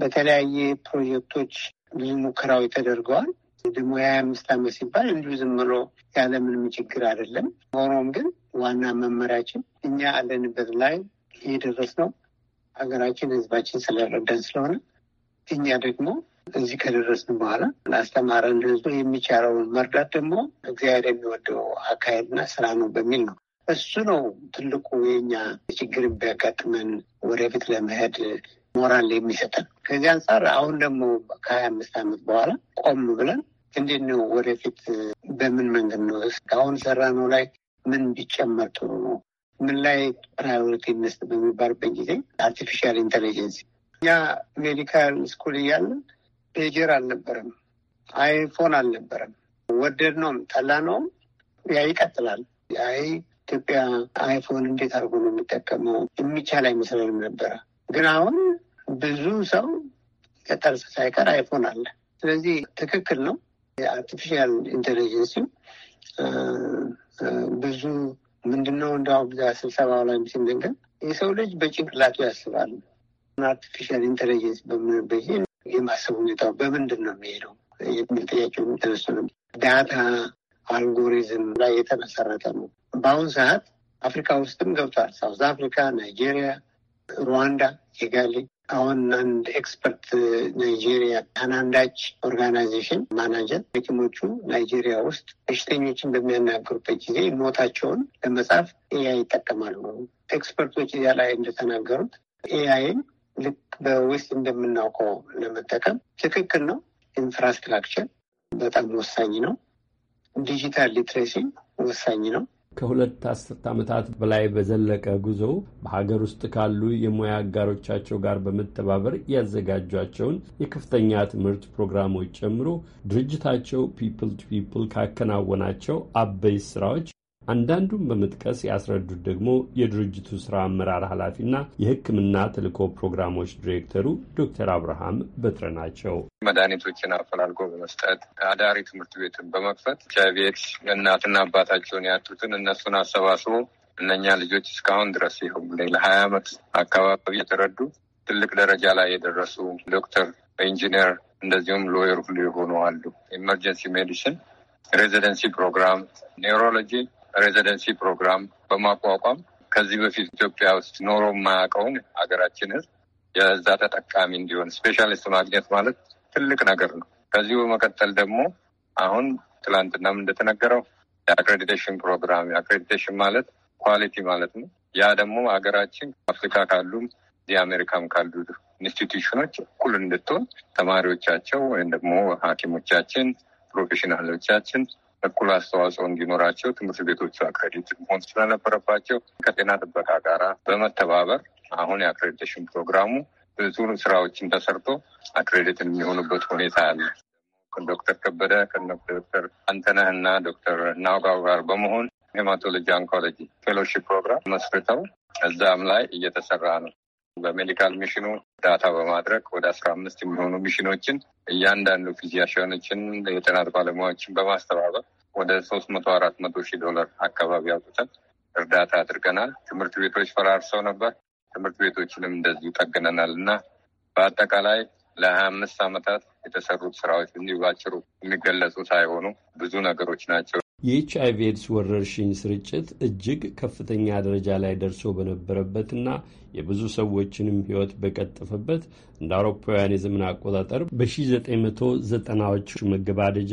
በተለያየ ፕሮጀክቶች ብዙ ሙከራዊ ተደርገዋል። እንደ ሙያ አምስት ዓመት ሲባል እንዲሁ ዝም ብሎ ያለ ምንም ችግር አይደለም። ሆኖም ግን ዋና መመሪያችን እኛ አለንበት ላይ ነው ሀገራችን፣ ህዝባችን ስለረዳን ስለሆነ እኛ ደግሞ እዚህ ከደረስን በኋላ ላስተማረን ህዝቡ የሚቻለውን መርዳት ደግሞ እግዚአብሔር የሚወደው አካሄድና ስራ ነው በሚል ነው። እሱ ነው ትልቁ የኛ ችግር ቢያጋጥመን ወደፊት ለመሄድ ሞራል የሚሰጠን። ከዚህ አንጻር አሁን ደግሞ ከሀያ አምስት ዓመት በኋላ ቆም ብለን እንዴት ነው ወደፊት በምን መንገድ ነው እስካሁን ሰራ ነው ላይ ምን ቢጨመር ጥሩ ነው ምን ላይ ፕራዮሪቲ እንስጥ በሚባልበት ጊዜ አርቲፊሻል ኢንቴሊጀንስ እኛ ሜዲካል ስኩል እያለን ፔጀር አልነበረም፣ አይፎን አልነበረም። ወደድ ነውም ጠላ ነውም ያ ይቀጥላል። አይ ኢትዮጵያ አይፎን እንዴት አድርጎ ነው የሚጠቀመው የሚቻል አይመስለንም ነበረ። ግን አሁን ብዙ ሰው ገጠር ሳይቀር አይፎን አለ። ስለዚህ ትክክል ነው። የአርቲፊሻል ኢንቴሊጀንስም ብዙ ምንድነው እንደሁ ብዛ ስብሰባ ላይ ሲነገር የሰው ልጅ በጭንቅላቱ ያስባል። አርቲፊሻል ኢንቴሊጀንስ በምንበ የማሰብ ሁኔታ በምንድን ነው የሚሄደው የሚል ጥያቄ የሚተነሱ ነው። ዳታ አልጎሪዝም ላይ የተመሰረተ ነው። በአሁኑ ሰዓት አፍሪካ ውስጥም ገብቷል። ሳውዝ አፍሪካ፣ ናይጄሪያ፣ ሩዋንዳ፣ ኪጋሊ አሁን አንድ ኤክስፐርት ናይጄሪያ አናንዳጅ ኦርጋናይዜሽን ማናጀር ሐኪሞቹ ናይጄሪያ ውስጥ በሽተኞችን በሚያናገሩበት ጊዜ ሞታቸውን ለመጻፍ ኤአይ ይጠቀማሉ። ኤክስፐርቶች እዚያ ላይ እንደተናገሩት ኤአይን ልክ በውስጥ እንደምናውቀው ለመጠቀም ትክክል ነው። ኢንፍራስትራክቸር በጣም ወሳኝ ነው። ዲጂታል ሊትሬሲ ወሳኝ ነው። ከሁለት አስርት ዓመታት በላይ በዘለቀ ጉዞ በሀገር ውስጥ ካሉ የሙያ አጋሮቻቸው ጋር በመተባበር ያዘጋጇቸውን የከፍተኛ ትምህርት ፕሮግራሞች ጨምሮ ድርጅታቸው ፒፕል ቱ ፒፕል ካከናወናቸው አበይ ስራዎች አንዳንዱን በመጥቀስ ያስረዱት ደግሞ የድርጅቱ ስራ አመራር ኃላፊና የሕክምና ተልዕኮ ፕሮግራሞች ዲሬክተሩ ዶክተር አብርሃም በትረ ናቸው። መድኃኒቶችን አፈላልጎ በመስጠት አዳሪ ትምህርት ቤትን በመክፈት ኤችአይቪ እናትና አባታቸውን ያጡትን እነሱን አሰባስቦ እነኛ ልጆች እስካሁን ድረስ ይኸው ለሀያ ዓመት አካባቢ የተረዱ ትልቅ ደረጃ ላይ የደረሱ ዶክተር፣ ኢንጂነር እንደዚሁም ሎየር ሁሉ የሆኑ አሉ። ኢመርጀንሲ ሜዲሲን፣ ሬዚደንሲ ፕሮግራም፣ ኔውሮሎጂ ሬዚደንሲ ፕሮግራም በማቋቋም ከዚህ በፊት ኢትዮጵያ ውስጥ ኖሮ የማያውቀውን ሀገራችን ህዝብ የዛ ተጠቃሚ እንዲሆን ስፔሻሊስት ማግኘት ማለት ትልቅ ነገር ነው። ከዚሁ በመቀጠል ደግሞ አሁን ትላንትናም እንደተነገረው የአክሬዲቴሽን ፕሮግራም የአክሬዲቴሽን ማለት ኳሊቲ ማለት ነው። ያ ደግሞ ሀገራችን አፍሪካ ካሉም የአሜሪካም ካሉ ኢንስቲትዩሽኖች እኩል እንድትሆን ተማሪዎቻቸው ወይም ደግሞ ሐኪሞቻችን ፕሮፌሽናሎቻችን እኩል አስተዋጽኦ እንዲኖራቸው ትምህርት ቤቶቹ አክሬዲት መሆን ስለነበረባቸው ከጤና ጥበቃ ጋራ በመተባበር አሁን የአክሬዲቴሽን ፕሮግራሙ ብዙ ስራዎችን ተሰርቶ አክሬዲት የሚሆኑበት ሁኔታ አለ። ዶክተር ከበደ ከዶክተር አንተነህ እና ዶክተር ናውጋው ጋር በመሆን ሄማቶሎጂ አንኮሎጂ ፌሎሺፕ ፕሮግራም መስርተው እዛም ላይ እየተሰራ ነው። በሜዲካል ሚሽኑ ዳታ በማድረግ ወደ አስራ አምስት የሚሆኑ ሚሽኖችን እያንዳንዱ ፊዚሽያኖችን የጥናት ባለሙያዎችን በማስተባበር ወደ ሶስት መቶ አራት መቶ ሺህ ዶላር አካባቢ አውጥተን እርዳታ አድርገናል። ትምህርት ቤቶች ፈራርሰው ነበር። ትምህርት ቤቶችንም እንደዚሁ ጠግነናል እና በአጠቃላይ ለሀያ አምስት ዓመታት የተሰሩት ስራዎች እንዲሁ ባጭሩ የሚገለጹ ሳይሆኑ ብዙ ነገሮች ናቸው። የኤች ኤድስ ወረርሽኝ ስርጭት እጅግ ከፍተኛ ደረጃ ላይ ደርሶ በነበረበትና የብዙ ሰዎችንም ሕይወት በቀጠፈበት እንደ አውሮፓውያን የዘመን አቆጣጠር በ1990ዎቹ መገባደጃ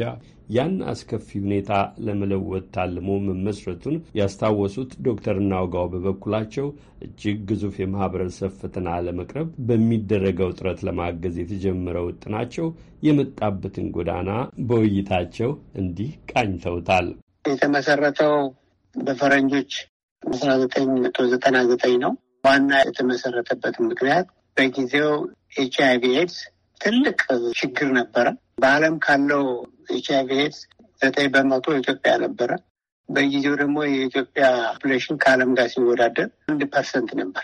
ያን አስከፊ ሁኔታ ለመለወጥ ታልሞ መመስረቱን ያስታወሱት ዶክተር ናውጋው በበኩላቸው እጅግ ግዙፍ የማህበረሰብ ፈተና ለመቅረብ በሚደረገው ጥረት ለማገዝ የተጀመረው ውጥናቸው የመጣበትን ጎዳና በውይይታቸው እንዲህ ቃኝተውታል። የተመሰረተው በፈረንጆች አስራ ዘጠኝ መቶ ዘጠና ዘጠኝ ነው። ዋና የተመሰረተበት ምክንያት በጊዜው ኤች ኤድስ ትልቅ ችግር ነበረ። በዓለም ካለው ኤች አይቪ ኤድስ ዘጠኝ በመቶ ኢትዮጵያ ነበረ። በጊዜው ደግሞ የኢትዮጵያ ፖፕሌሽን ከዓለም ጋር ሲወዳደር አንድ ፐርሰንት ነበር።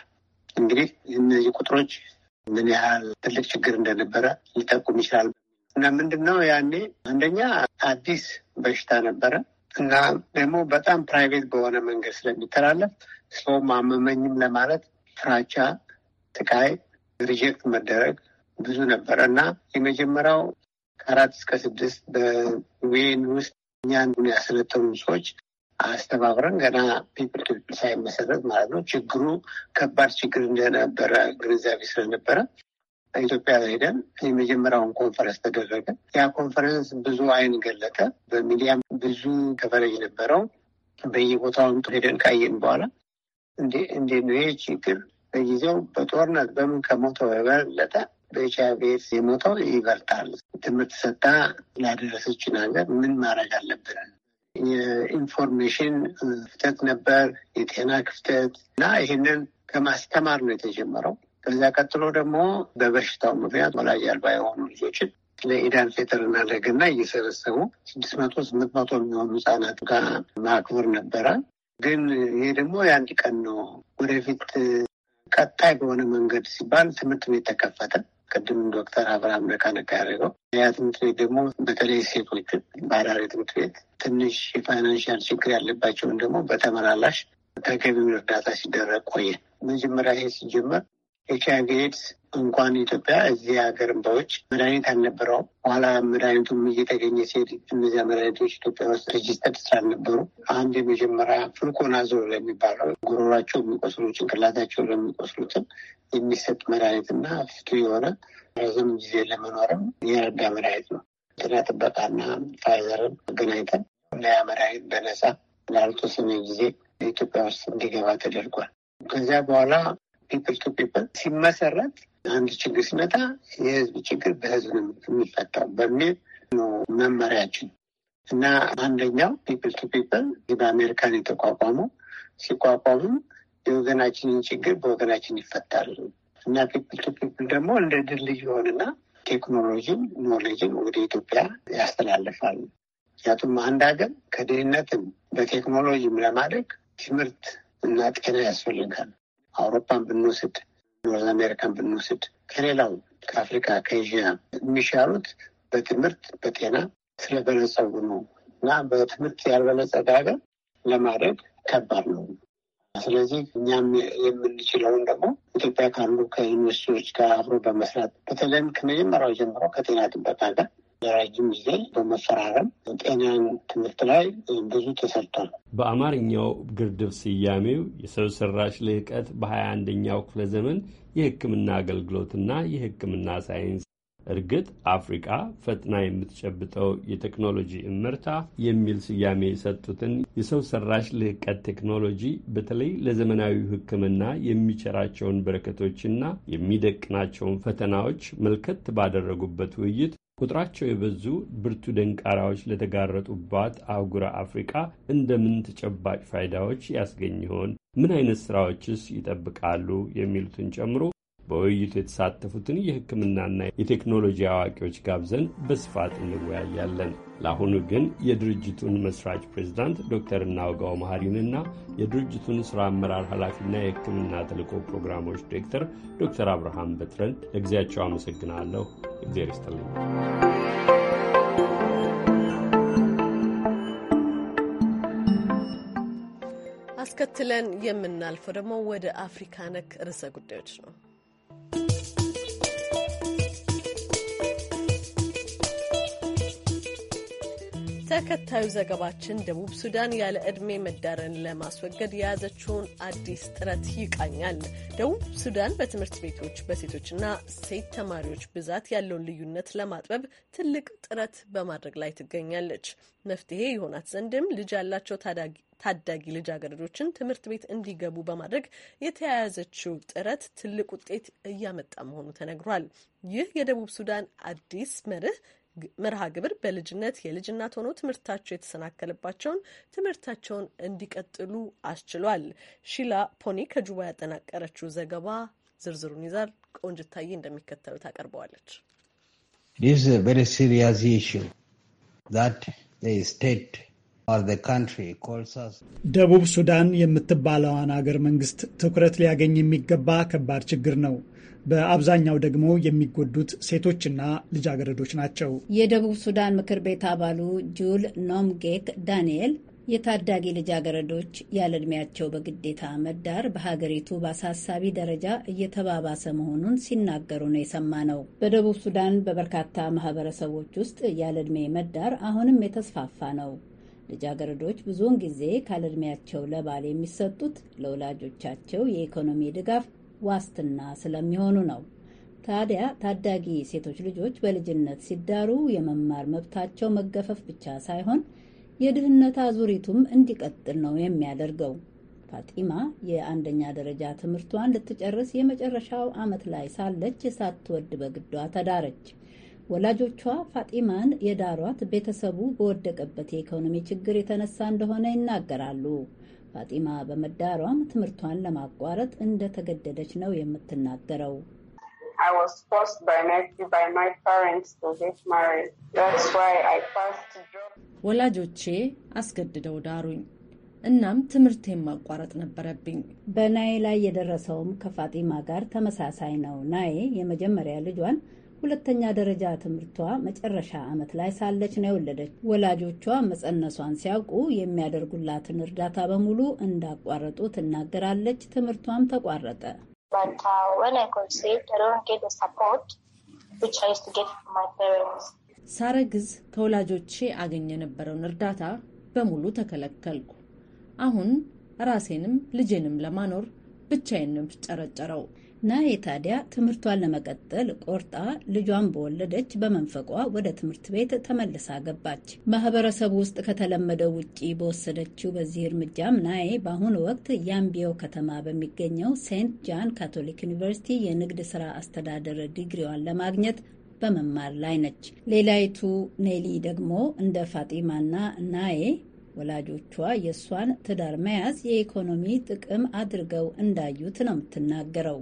እንግዲህ እነዚህ ቁጥሮች ምን ያህል ትልቅ ችግር እንደነበረ ሊጠቁም ይችላል። እና ምንድን ነው ያኔ አንደኛ አዲስ በሽታ ነበረ እና ደግሞ በጣም ፕራይቬት በሆነ መንገድ ስለሚተላለፍ ሰው ማመመኝም ለማለት ፍራቻ፣ ስቃይ፣ ሪጀክት መደረግ ብዙ ነበረ እና የመጀመሪያው ከአራት እስከ ስድስት በዌን ውስጥ እኛን ያሰለጠኑ ሰዎች አስተባብረን ገና ፒፕል ቱ ፒፕል ሳይመሰረት ማለት ነው። ችግሩ ከባድ ችግር እንደነበረ ግንዛቤ ስለነበረ ኢትዮጵያ ሄደን የመጀመሪያውን ኮንፈረንስ ተደረገ። ያ ኮንፈረንስ ብዙ አይን ገለጠ። በሚዲያም ብዙ ከቨሬጅ ነበረው። በየቦታውን ሄደን ካየን በኋላ እንዴ ነው ይሄ ችግር በጊዜው በጦርነት በምን ከሞተ በበለጠ በኤች አይ ቪ ኤድስ የሞተው ይበልጣል። ትምህርት ሰጣ ላደረሰችን ሀገር ምን ማድረግ አለብን? የኢንፎርሜሽን ክፍተት ነበር፣ የጤና ክፍተት እና ይህንን ከማስተማር ነው የተጀመረው። ከዚያ ቀጥሎ ደግሞ በበሽታው ምክንያት ወላጅ አልባ የሆኑ ልጆችን ለኢዳን ፌተር እና ለገና እየሰበሰቡ ስድስት መቶ ስምንት መቶ የሚሆኑ ህጻናት ጋር ማክብር ነበረ። ግን ይሄ ደግሞ የአንድ ቀን ነው። ወደፊት ቀጣይ በሆነ መንገድ ሲባል ትምህርት ቤት ተከፈተ። ቅድም ዶክተር አብርሃም ነካነካ ያደረገው ያ ትምህርት ቤት ደግሞ በተለይ ሴቶች በሀራሪ ትምህርት ቤት ትንሽ የፋይናንሻል ችግር ያለባቸውን ደግሞ በተመላላሽ ተገቢውን እርዳታ ሲደረግ ቆየ። መጀመሪያ ይሄ ሲጀመር ኤች አይ ቪ ኤድስ እንኳን ኢትዮጵያ እዚህ ሀገር በውጭ መድኃኒት አልነበረው። በኋላ መድኃኒቱም እየተገኘ ሲሄድ እነዚያ መድኃኒቶች ኢትዮጵያ ውስጥ ሬጂስተር ስላልነበሩ አንድ የመጀመሪያ ፍሉኮናዞል ለሚባለው ጉሮሯቸው የሚቆስሉ ጭንቅላታቸው ለሚቆስሉትም የሚሰጥ መድኃኒትና ፍቱ የሆነ ረዘም ጊዜ ለመኖርም የረዳ መድኃኒት ነው። ጤና ጥበቃና ፋይዘርን አገናኝተን ለያ መድኃኒት በነፃ ላልተወሰነ ጊዜ ኢትዮጵያ ውስጥ እንዲገባ ተደርጓል። ከዚያ በኋላ ፒፕል ቱ ፒፕል ሲመሰረት አንድ ችግር ሲመጣ የህዝብ ችግር በህዝብ ነው የሚፈታው በሚል ነው መመሪያችን እና አንደኛው ፒፕል ቱ ፒፕል በአሜሪካን የተቋቋሙ ሲቋቋሙ የወገናችንን ችግር በወገናችን ይፈታል እና ፒፕል ቱ ፒፕል ደግሞ እንደ ድልድይ ይሆንና ቴክኖሎጂን ኖሌጅን ወደ ኢትዮጵያ ያስተላልፋል። ምክንያቱም አንድ ሀገር ከድህነትም በቴክኖሎጂም ለማድረግ ትምህርት እና ጤና ያስፈልጋል። አውሮፓን ብንወስድ ኖርዝ አሜሪካን ብንወስድ ከሌላው ከአፍሪካ ከኤዥያ የሚሻሉት በትምህርት በጤና ስለበለጸጉ ነው እና በትምህርት ያልበለጸገ ሀገር ለማድረግ ከባድ ነው። ስለዚህ እኛም የምንችለውን ደግሞ ኢትዮጵያ ካሉ ከዩኒቨርሲቲዎች ጋር አብሮ በመስራት በተለይም ከመጀመሪያው ጀምሮ ከጤና ጥበቃ ጋር ለረጅም ጊዜ በመፈራረም ጤናን ትምህርት ላይ ብዙ ተሰርቷል። በአማርኛው ግርድፍ ስያሜው የሰው ሰራሽ ልህቀት በሀያ አንደኛው ክፍለ ዘመን የሕክምና አገልግሎትና የሕክምና ሳይንስ እርግጥ አፍሪቃ ፈጥና የምትጨብጠው የቴክኖሎጂ እመርታ የሚል ስያሜ የሰጡትን የሰው ሰራሽ ልህቀት ቴክኖሎጂ በተለይ ለዘመናዊ ሕክምና የሚቸራቸውን በረከቶችና የሚደቅናቸውን ፈተናዎች መልከት ባደረጉበት ውይይት ቁጥራቸው የበዙ ብርቱ ደንቃራዎች ለተጋረጡባት አህጉረ አፍሪቃ እንደምን ተጨባጭ ፋይዳዎች ያስገኝ ይሆን? ምን አይነት ስራዎችስ ይጠብቃሉ? የሚሉትን ጨምሮ በውይይቱ የተሳተፉትን የሕክምናና የቴክኖሎጂ አዋቂዎች ጋብዘን በስፋት እንወያያለን። ለአሁኑ ግን የድርጅቱን መስራች ፕሬዚዳንት ዶክተር እናውጋው መሐሪንና የድርጅቱን ሥራ አመራር ኃላፊና የሕክምና ተልዕኮ ፕሮግራሞች ዲሬክተር ዶክተር አብርሃም በትረን ለጊዜያቸው አመሰግናለሁ። እግዜር ይስጥልኝ። አስከትለን የምናልፈው ደግሞ ወደ አፍሪካ ነክ ርዕሰ ጉዳዮች ነው። ተከታዩ ዘገባችን ደቡብ ሱዳን ያለ ዕድሜ መዳረን ለማስወገድ የያዘችውን አዲስ ጥረት ይቃኛል። ደቡብ ሱዳን በትምህርት ቤቶች በሴቶችና ሴት ተማሪዎች ብዛት ያለውን ልዩነት ለማጥበብ ትልቅ ጥረት በማድረግ ላይ ትገኛለች። መፍትሄ ይሆናት ዘንድም ልጅ ያላቸው ታዳጊ ታዳጊ ልጃገረዶችን ትምህርት ቤት እንዲገቡ በማድረግ የተያያዘችው ጥረት ትልቅ ውጤት እያመጣ መሆኑ ተነግሯል። ይህ የደቡብ ሱዳን አዲስ መርህ መርሃ ግብር በልጅነት የልጅናት ሆኖ ትምህርታቸው የተሰናከለባቸውን ትምህርታቸውን እንዲቀጥሉ አስችሏል። ሺላ ፖኒ ከጁባ ያጠናቀረችው ዘገባ ዝርዝሩን ይዛል። ቆንጅታዬ እንደሚከተሉ ታቀርበዋለች። ደቡብ ሱዳን የምትባለዋን አገር መንግስት ትኩረት ሊያገኝ የሚገባ ከባድ ችግር ነው። በአብዛኛው ደግሞ የሚጎዱት ሴቶችና ልጃገረዶች ናቸው። የደቡብ ሱዳን ምክር ቤት አባሉ ጁል ኖምጌክ ዳንኤል የታዳጊ ልጃገረዶች ያለ በግዴታ መዳር በሀገሪቱ በአሳሳቢ ደረጃ እየተባባሰ መሆኑን ሲናገሩ ነው ነው። በደቡብ ሱዳን በበርካታ ማህበረሰቦች ውስጥ ያለ መዳር አሁንም የተስፋፋ ነው። ልጃገረዶች ብዙውን ጊዜ ካለ ለባል የሚሰጡት ለወላጆቻቸው የኢኮኖሚ ድጋፍ ዋስትና ስለሚሆኑ ነው። ታዲያ ታዳጊ ሴቶች ልጆች በልጅነት ሲዳሩ የመማር መብታቸው መገፈፍ ብቻ ሳይሆን የድህነት አዙሪቱም እንዲቀጥል ነው የሚያደርገው። ፋጢማ የአንደኛ ደረጃ ትምህርቷን ልትጨርስ የመጨረሻው ዓመት ላይ ሳለች ሳትወድ በግዷ ተዳረች። ወላጆቿ ፋጢማን የዳሯት ቤተሰቡ በወደቀበት የኢኮኖሚ ችግር የተነሳ እንደሆነ ይናገራሉ። ፋጢማ በመዳሯም ትምህርቷን ለማቋረጥ እንደተገደደች ነው የምትናገረው። ወላጆቼ አስገድደው ዳሩኝ። እናም ትምህርቴን ማቋረጥ ነበረብኝ። በናዬ ላይ የደረሰውም ከፋጢማ ጋር ተመሳሳይ ነው። ናዬ የመጀመሪያ ልጇን ሁለተኛ ደረጃ ትምህርቷ መጨረሻ ዓመት ላይ ሳለች ነው የወለደች። ወላጆቿ መጸነሷን ሲያውቁ የሚያደርጉላትን እርዳታ በሙሉ እንዳቋረጡ ትናገራለች። ትምህርቷም ተቋረጠ። ሳረግዝ ከወላጆቼ አገኝ የነበረውን እርዳታ በሙሉ ተከለከልኩ። አሁን ራሴንም ልጄንም ለማኖር ብቻዬን ነው የምጨረጨረው። ናሄ ታዲያ ትምህርቷን ለመቀጠል ቆርጣ ልጇን በወለደች በመንፈቋ ወደ ትምህርት ቤት ተመልሳ ገባች። ማህበረሰቡ ውስጥ ከተለመደው ውጪ በወሰደችው በዚህ እርምጃም ናሄ በአሁኑ ወቅት ያምቢዮ ከተማ በሚገኘው ሴንት ጃን ካቶሊክ ዩኒቨርሲቲ የንግድ ሥራ አስተዳደር ዲግሪዋን ለማግኘት በመማር ላይ ነች። ሌላይቱ ኔሊ ደግሞ እንደ ፋጢማና ናዬ ወላጆቿ የእሷን ትዳር መያዝ የኢኮኖሚ ጥቅም አድርገው እንዳዩት ነው የምትናገረው።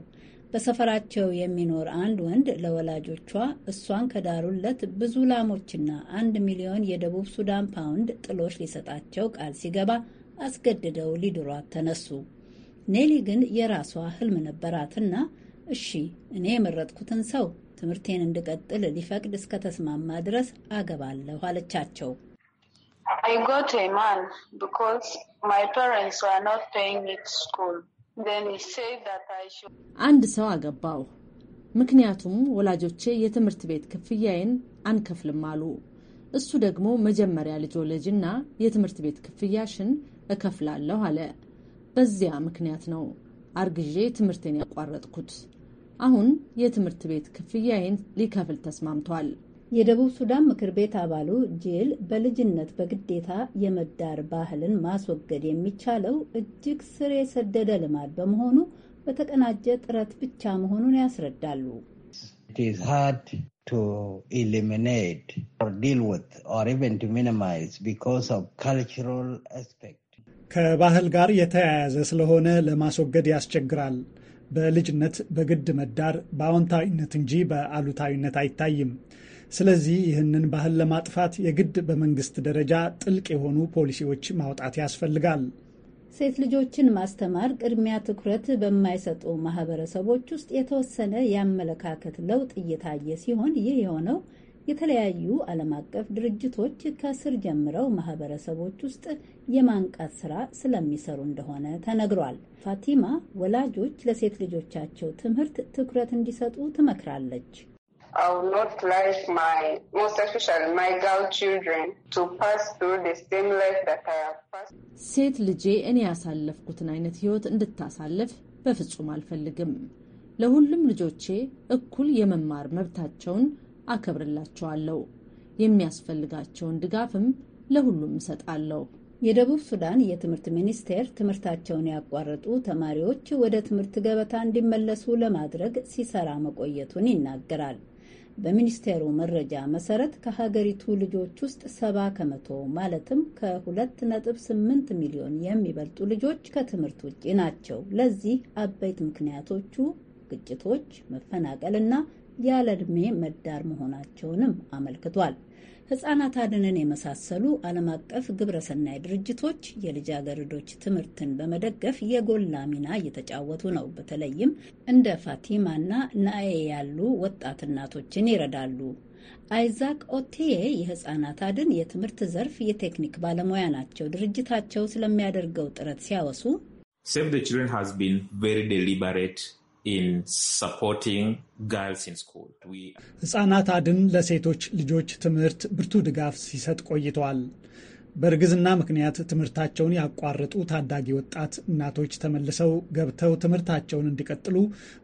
በሰፈራቸው የሚኖር አንድ ወንድ ለወላጆቿ እሷን ከዳሩለት ብዙ ላሞችና አንድ ሚሊዮን የደቡብ ሱዳን ፓውንድ ጥሎሽ ሊሰጣቸው ቃል ሲገባ አስገድደው ሊድሯት ተነሱ። ኔሊ ግን የራሷ ህልም ነበራትና እሺ እኔ የመረጥኩትን ሰው ትምህርቴን እንድቀጥል ሊፈቅድ እስከተስማማ ድረስ አገባለሁ አለቻቸው። I got a man because my parents were not paying me school. አንድ ሰው አገባው። ምክንያቱም ወላጆቼ የትምህርት ቤት ክፍያዬን አንከፍልም አሉ። እሱ ደግሞ መጀመሪያ ልጅ ወለጅና የትምህርት ቤት ክፍያሽን እከፍላለሁ አለ። በዚያ ምክንያት ነው አርግዤ ትምህርቴን ያቋረጥኩት። አሁን የትምህርት ቤት ክፍያዬን ሊከፍል ተስማምቷል። የደቡብ ሱዳን ምክር ቤት አባሉ ጂል በልጅነት በግዴታ የመዳር ባህልን ማስወገድ የሚቻለው እጅግ ስር የሰደደ ልማድ በመሆኑ በተቀናጀ ጥረት ብቻ መሆኑን ያስረዳሉ። ከባህል ጋር የተያያዘ ስለሆነ ለማስወገድ ያስቸግራል። በልጅነት በግድ መዳር በአዎንታዊነት እንጂ በአሉታዊነት አይታይም። ስለዚህ ይህንን ባህል ለማጥፋት የግድ በመንግስት ደረጃ ጥልቅ የሆኑ ፖሊሲዎች ማውጣት ያስፈልጋል። ሴት ልጆችን ማስተማር ቅድሚያ ትኩረት በማይሰጡ ማህበረሰቦች ውስጥ የተወሰነ የአመለካከት ለውጥ እየታየ ሲሆን ይህ የሆነው የተለያዩ ዓለም አቀፍ ድርጅቶች ከስር ጀምረው ማህበረሰቦች ውስጥ የማንቃት ስራ ስለሚሰሩ እንደሆነ ተነግሯል። ፋቲማ ወላጆች ለሴት ልጆቻቸው ትምህርት ትኩረት እንዲሰጡ ትመክራለች። I will not like my, most especially my girl children, to pass through the same life that I have passed. ሴት ልጄ እኔ ያሳለፍኩትን አይነት ህይወት እንድታሳልፍ በፍጹም አልፈልግም። ለሁሉም ልጆቼ እኩል የመማር መብታቸውን አከብርላቸዋለሁ። የሚያስፈልጋቸውን ድጋፍም ለሁሉም እሰጣለሁ። የደቡብ ሱዳን የትምህርት ሚኒስቴር ትምህርታቸውን ያቋረጡ ተማሪዎች ወደ ትምህርት ገበታ እንዲመለሱ ለማድረግ ሲሰራ መቆየቱን ይናገራል። በሚኒስቴሩ መረጃ መሰረት ከሀገሪቱ ልጆች ውስጥ ሰባ ከመቶ ማለትም ከሁለት 28 ሚሊዮን የሚበልጡ ልጆች ከትምህርት ውጪ ናቸው። ለዚህ አበይት ምክንያቶቹ ግጭቶች፣ መፈናቀልና ያለ ዕድሜ መዳር መሆናቸውንም አመልክቷል። ሕጻናት አድንን የመሳሰሉ ዓለም አቀፍ ግብረሰናይ ድርጅቶች የልጃገረዶች ትምህርትን በመደገፍ የጎላ ሚና እየተጫወቱ ነው። በተለይም እንደ ፋቲማና ናኤ ያሉ ወጣት እናቶችን ይረዳሉ። አይዛክ ኦቴዬ የሕፃናት አድን የትምህርት ዘርፍ የቴክኒክ ባለሙያ ናቸው። ድርጅታቸው ስለሚያደርገው ጥረት ሲያወሱ ሴቭ ዘ ችልድረን ሃዝ ቢን ቬሪ ዴሊበሬት ሕፃናት አድን ለሴቶች ልጆች ትምህርት ብርቱ ድጋፍ ሲሰጥ ቆይተዋል። በእርግዝና ምክንያት ትምህርታቸውን ያቋረጡ ታዳጊ ወጣት እናቶች ተመልሰው ገብተው ትምህርታቸውን እንዲቀጥሉ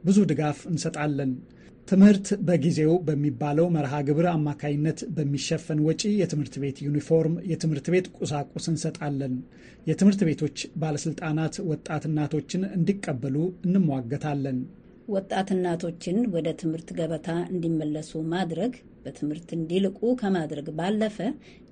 ብዙ ድጋፍ እንሰጣለን። ትምህርት በጊዜው በሚባለው መርሃ ግብር አማካይነት በሚሸፈን ወጪ የትምህርት ቤት ዩኒፎርም፣ የትምህርት ቤት ቁሳቁስ እንሰጣለን። የትምህርት ቤቶች ባለስልጣናት ወጣት እናቶችን እንዲቀበሉ እንሟገታለን። ወጣት እናቶችን ወደ ትምህርት ገበታ እንዲመለሱ ማድረግ በትምህርት እንዲልቁ ከማድረግ ባለፈ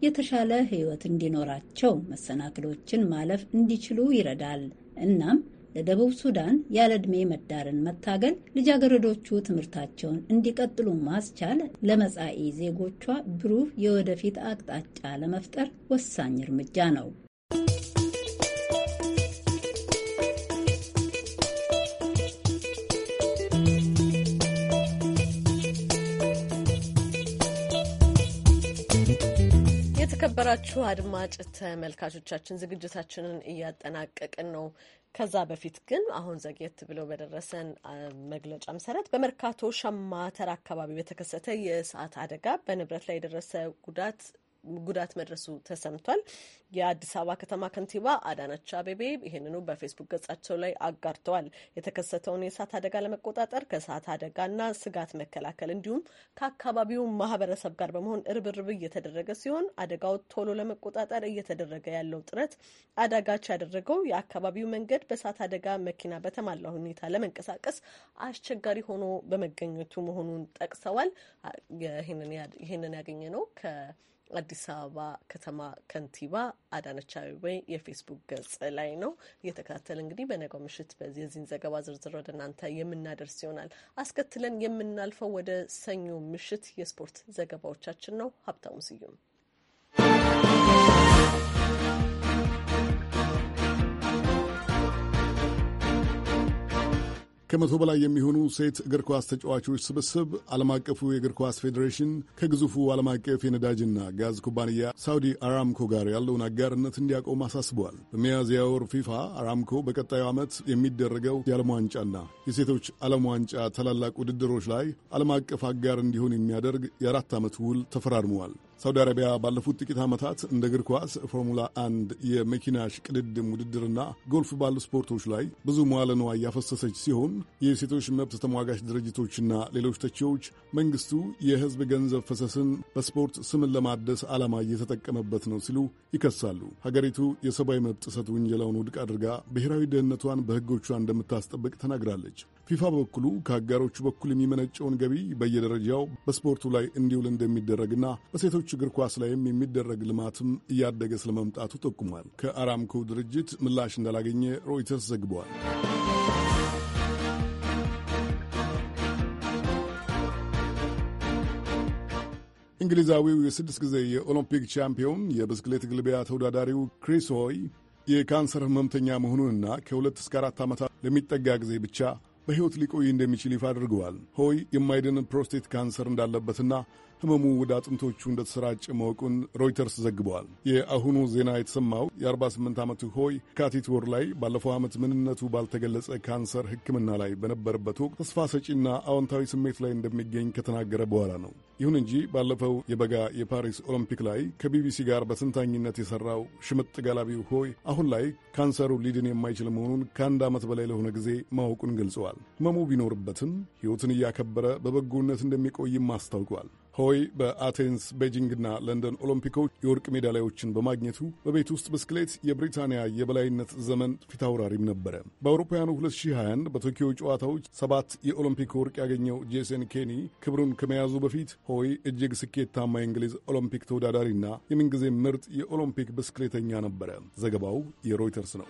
የተሻለ ሕይወት እንዲኖራቸው መሰናክሎችን ማለፍ እንዲችሉ ይረዳል። እናም ለደቡብ ሱዳን ያለ ዕድሜ መዳርን መታገል፣ ልጃገረዶቹ ትምህርታቸውን እንዲቀጥሉ ማስቻል ለመጻኢ ዜጎቿ ብሩህ የወደፊት አቅጣጫ ለመፍጠር ወሳኝ እርምጃ ነው። የተከበራችሁ አድማጭ ተመልካቾቻችን ዝግጅታችንን እያጠናቀቅን ነው። ከዛ በፊት ግን አሁን ዘግየት ብሎ በደረሰን መግለጫ መሰረት በመርካቶ ሸማተር አካባቢ በተከሰተ የእሳት አደጋ በንብረት ላይ የደረሰ ጉዳት ጉዳት መድረሱ ተሰምቷል። የአዲስ አበባ ከተማ ከንቲባ አዳነች አቤቤ ይህንኑ በፌስቡክ ገጻቸው ላይ አጋርተዋል። የተከሰተውን የእሳት አደጋ ለመቆጣጠር ከእሳት አደጋና ስጋት መከላከል እንዲሁም ከአካባቢው ማህበረሰብ ጋር በመሆን እርብርብ እየተደረገ ሲሆን አደጋው ቶሎ ለመቆጣጠር እየተደረገ ያለው ጥረት አዳጋች ያደረገው የአካባቢው መንገድ በእሳት አደጋ መኪና በተሟላ ሁኔታ ለመንቀሳቀስ አስቸጋሪ ሆኖ በመገኘቱ መሆኑን ጠቅሰዋል። ይህንን ያገኘ ነው አዲስ አበባ ከተማ ከንቲባ አዳነች አቤቤ የፌስቡክ ገጽ ላይ ነው። እየተከታተል እንግዲህ በነገው ምሽት የዚህን ዘገባ ዝርዝር ወደ እናንተ የምናደርስ ይሆናል። አስከትለን የምናልፈው ወደ ሰኞ ምሽት የስፖርት ዘገባዎቻችን ነው። ሀብታሙ ስዩም ከመቶ በላይ የሚሆኑ ሴት እግር ኳስ ተጫዋቾች ስብስብ ዓለም አቀፉ የእግር ኳስ ፌዴሬሽን ከግዙፉ ዓለም አቀፍ የነዳጅና ጋዝ ኩባንያ ሳውዲ አራምኮ ጋር ያለውን አጋርነት እንዲያቆም አሳስበዋል። በሚያዝያ ወር ፊፋ አራምኮ በቀጣዩ ዓመት የሚደረገው የዓለም ዋንጫና የሴቶች ዓለም ዋንጫ ታላላቅ ውድድሮች ላይ ዓለም አቀፍ አጋር እንዲሆን የሚያደርግ የአራት ዓመት ውል ተፈራርመዋል። ሳውዲ አረቢያ ባለፉት ጥቂት ዓመታት እንደ እግር ኳስ፣ ፎርሙላ አንድ፣ የመኪና ሽቅድድም ውድድርና ጎልፍ ባሉ ስፖርቶች ላይ ብዙ መዋለ ንዋይ ያፈሰሰች ሲሆን የሴቶች መብት ተሟጋች ድርጅቶችና ሌሎች ተቺዎች መንግስቱ የህዝብ ገንዘብ ፈሰስን በስፖርት ስምን ለማደስ ዓላማ እየተጠቀመበት ነው ሲሉ ይከሳሉ። ሀገሪቱ የሰብአዊ መብት ጥሰት ውንጀላውን ውድቅ አድርጋ ብሔራዊ ደህንነቷን በህጎቿ እንደምታስጠብቅ ተናግራለች። ፊፋ በበኩሉ ከአጋሮቹ በኩል የሚመነጨውን ገቢ በየደረጃው በስፖርቱ ላይ እንዲውል እንደሚደረግና በሴቶች እግር ኳስ ላይም የሚደረግ ልማትም እያደገ ስለመምጣቱ ጠቁሟል። ከአራምኮ ድርጅት ምላሽ እንዳላገኘ ሮይተርስ ዘግበዋል። እንግሊዛዊው የስድስት ጊዜ የኦሎምፒክ ቻምፒዮን የብስክሌት ግልቢያ ተወዳዳሪው ክሪስ ሆይ የካንሰር ህመምተኛ መሆኑንና ከሁለት እስከ አራት ዓመታት ለሚጠጋ ጊዜ ብቻ በሕይወት ሊቆይ እንደሚችል ይፋ አድርገዋል። ሆይ የማይድን ፕሮስቴት ካንሰር እንዳለበትና ህመሙ ወደ አጥንቶቹ እንደተሰራጨ ማወቁን ሮይተርስ ዘግበዋል። የአሁኑ ዜና የተሰማው የ48 ዓመቱ ሆይ ካቲት ወር ላይ ባለፈው ዓመት ምንነቱ ባልተገለጸ ካንሰር ሕክምና ላይ በነበረበት ወቅት ተስፋ ሰጪና አዎንታዊ ስሜት ላይ እንደሚገኝ ከተናገረ በኋላ ነው። ይሁን እንጂ ባለፈው የበጋ የፓሪስ ኦሎምፒክ ላይ ከቢቢሲ ጋር በትንታኝነት የሰራው ሽምጥ ጋላቢው ሆይ አሁን ላይ ካንሰሩ ሊድን የማይችል መሆኑን ከአንድ ዓመት በላይ ለሆነ ጊዜ ማወቁን ገልጸዋል። ህመሙ ቢኖርበትም ሕይወትን እያከበረ በበጎነት እንደሚቆይም አስታውቋል። ሆይ በአቴንስ ቤጂንግና ለንደን ኦሎምፒኮች የወርቅ ሜዳሊያዎችን በማግኘቱ በቤት ውስጥ ብስክሌት የብሪታንያ የበላይነት ዘመን ፊታውራሪም ነበረ። በአውሮፓውያኑ 2021 በቶኪዮ ጨዋታዎች ሰባት የኦሎምፒክ ወርቅ ያገኘው ጄሰን ኬኒ ክብሩን ከመያዙ በፊት ሆይ እጅግ ስኬታማ የእንግሊዝ ኦሎምፒክ ተወዳዳሪና የምንጊዜ ምርጥ የኦሎምፒክ ብስክሌተኛ ነበረ። ዘገባው የሮይተርስ ነው።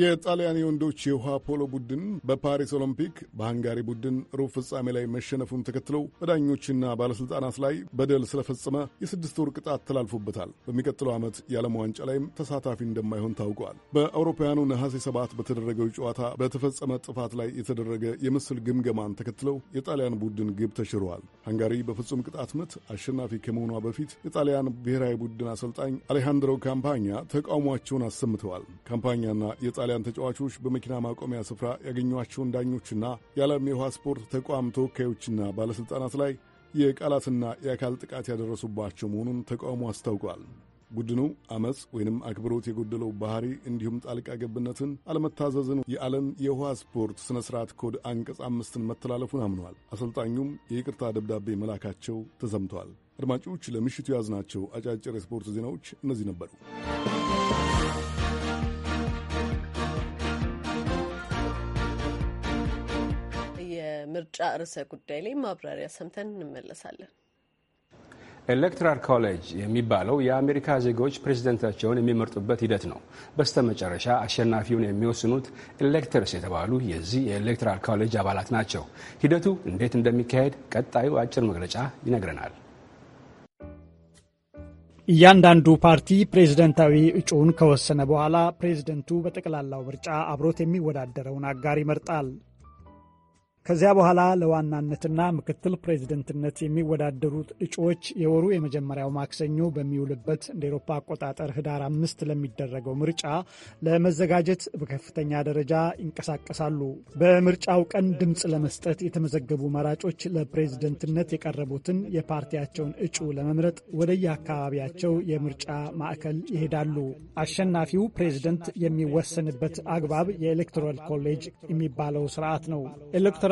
የጣሊያን የወንዶች የውሃ ፖሎ ቡድን በፓሪስ ኦሎምፒክ በሃንጋሪ ቡድን ሩብ ፍጻሜ ላይ መሸነፉን ተከትለው በዳኞችና ባለሥልጣናት ላይ በደል ስለፈጸመ የስድስት ወር ቅጣት ተላልፎበታል። በሚቀጥለው ዓመት የዓለም ዋንጫ ላይም ተሳታፊ እንደማይሆን ታውቋል። በአውሮፓውያኑ ነሐሴ ሰባት በተደረገው ጨዋታ በተፈጸመ ጥፋት ላይ የተደረገ የምስል ግምገማን ተከትለው የጣሊያን ቡድን ግብ ተሽረዋል። ሃንጋሪ በፍጹም ቅጣት ምት አሸናፊ ከመሆኗ በፊት የጣሊያን ብሔራዊ ቡድን አሰልጣኝ አሌሃንድሮ ካምፓኛ ተቃውሟቸውን አሰምተዋል። ካምፓኛና የጣሊያን ተጫዋቾች በመኪና ማቆሚያ ስፍራ ያገኟቸውን ዳኞችና የዓለም የውሃ ስፖርት ተቋም ተወካዮችና ባለሥልጣናት ላይ የቃላትና የአካል ጥቃት ያደረሱባቸው መሆኑን ተቃውሞ አስታውቋል። ቡድኑ አመፅ ወይንም አክብሮት የጎደለው ባህሪ እንዲሁም ጣልቃ ገብነትን አለመታዘዝን የዓለም የውሃ ስፖርት ሥነ ሥርዓት ኮድ አንቀጽ አምስትን መተላለፉን አምኗል። አሰልጣኙም የይቅርታ ደብዳቤ መላካቸው ተሰምቷል። አድማጮች፣ ለምሽቱ የያዝናቸው አጫጭር የስፖርት ዜናዎች እነዚህ ነበሩ። ምርጫ ርዕሰ ጉዳይ ላይ ማብራሪያ ሰምተን እንመለሳለን። ኤሌክትራል ኮሌጅ የሚባለው የአሜሪካ ዜጎች ፕሬዝደንታቸውን የሚመርጡበት ሂደት ነው። በስተመጨረሻ አሸናፊውን የሚወስኑት ኤሌክተርስ የተባሉ የዚህ የኤሌክትራል ኮሌጅ አባላት ናቸው። ሂደቱ እንዴት እንደሚካሄድ ቀጣዩ አጭር መግለጫ ይነግረናል። እያንዳንዱ ፓርቲ ፕሬዝደንታዊ እጩውን ከወሰነ በኋላ ፕሬዝደንቱ በጠቅላላው ምርጫ አብሮት የሚወዳደረውን አጋር ይመርጣል። ከዚያ በኋላ ለዋናነትና ምክትል ፕሬዚደንትነት የሚወዳደሩት እጩዎች የወሩ የመጀመሪያው ማክሰኞ በሚውልበት እንደ ኤሮፓ አቆጣጠር ህዳር አምስት ለሚደረገው ምርጫ ለመዘጋጀት በከፍተኛ ደረጃ ይንቀሳቀሳሉ። በምርጫው ቀን ድምፅ ለመስጠት የተመዘገቡ መራጮች ለፕሬዝደንትነት የቀረቡትን የፓርቲያቸውን እጩ ለመምረጥ ወደየአካባቢያቸው የምርጫ ማዕከል ይሄዳሉ። አሸናፊው ፕሬዝደንት የሚወሰንበት አግባብ የኤሌክቶራል ኮሌጅ የሚባለው ስርዓት ነው።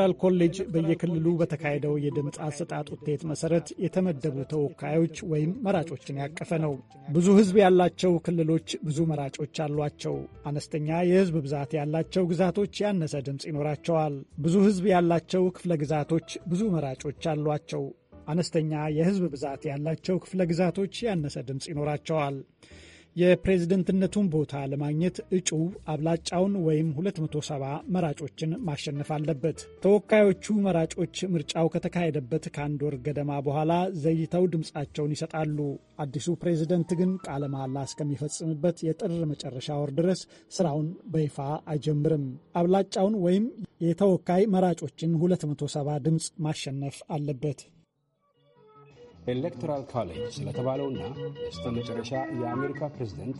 በኤሌክቶራል ኮሌጅ በየክልሉ በተካሄደው የድምፅ አሰጣጥ ውጤት መሰረት የተመደቡ ተወካዮች ወይም መራጮችን ያቀፈ ነው። ብዙ ሕዝብ ያላቸው ክልሎች ብዙ መራጮች አሏቸው። አነስተኛ የሕዝብ ብዛት ያላቸው ግዛቶች ያነሰ ድምፅ ይኖራቸዋል። ብዙ ሕዝብ ያላቸው ክፍለ ግዛቶች ብዙ መራጮች አሏቸው። አነስተኛ የሕዝብ ብዛት ያላቸው ክፍለ ግዛቶች ያነሰ ድምፅ ይኖራቸዋል። የፕሬዝደንትነቱን ቦታ ለማግኘት እጩ አብላጫውን ወይም 270 መራጮችን ማሸነፍ አለበት። ተወካዮቹ መራጮች ምርጫው ከተካሄደበት ከአንድ ወር ገደማ በኋላ ዘይተው ድምፃቸውን ይሰጣሉ። አዲሱ ፕሬዝደንት ግን ቃለ መሐላ እስከሚፈጽምበት የጥር መጨረሻ ወር ድረስ ስራውን በይፋ አይጀምርም። አብላጫውን ወይም የተወካይ መራጮችን 270 ድምፅ ማሸነፍ አለበት። ኤሌክቶራል ካሌጅ ስለተባለውና በስተ መጨረሻ የአሜሪካ ፕሬዝደንት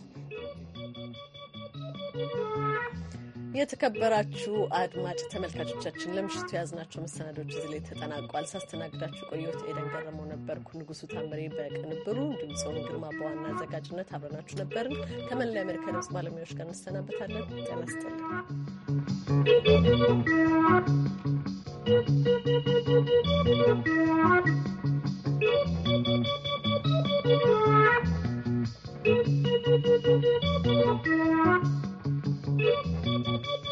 የተከበራችሁ አድማጭ ተመልካቾቻችን ለምሽቱ የያዝናቸው መሰናዶች እዚህ ላይ ተጠናቋል። ሳስተናግዳችሁ ቆየሁት ኤደን ገረመው ነበርኩ። ንጉሱ ታምሬ በቅንብሩ እንዲሁም ግርማ በዋና አዘጋጅነት አብረናችሁ ነበርን። ከመላ የአሜሪካ ድምጽ ባለሙያዎች ጋር እንሰናበታለን። ጤና Thank you.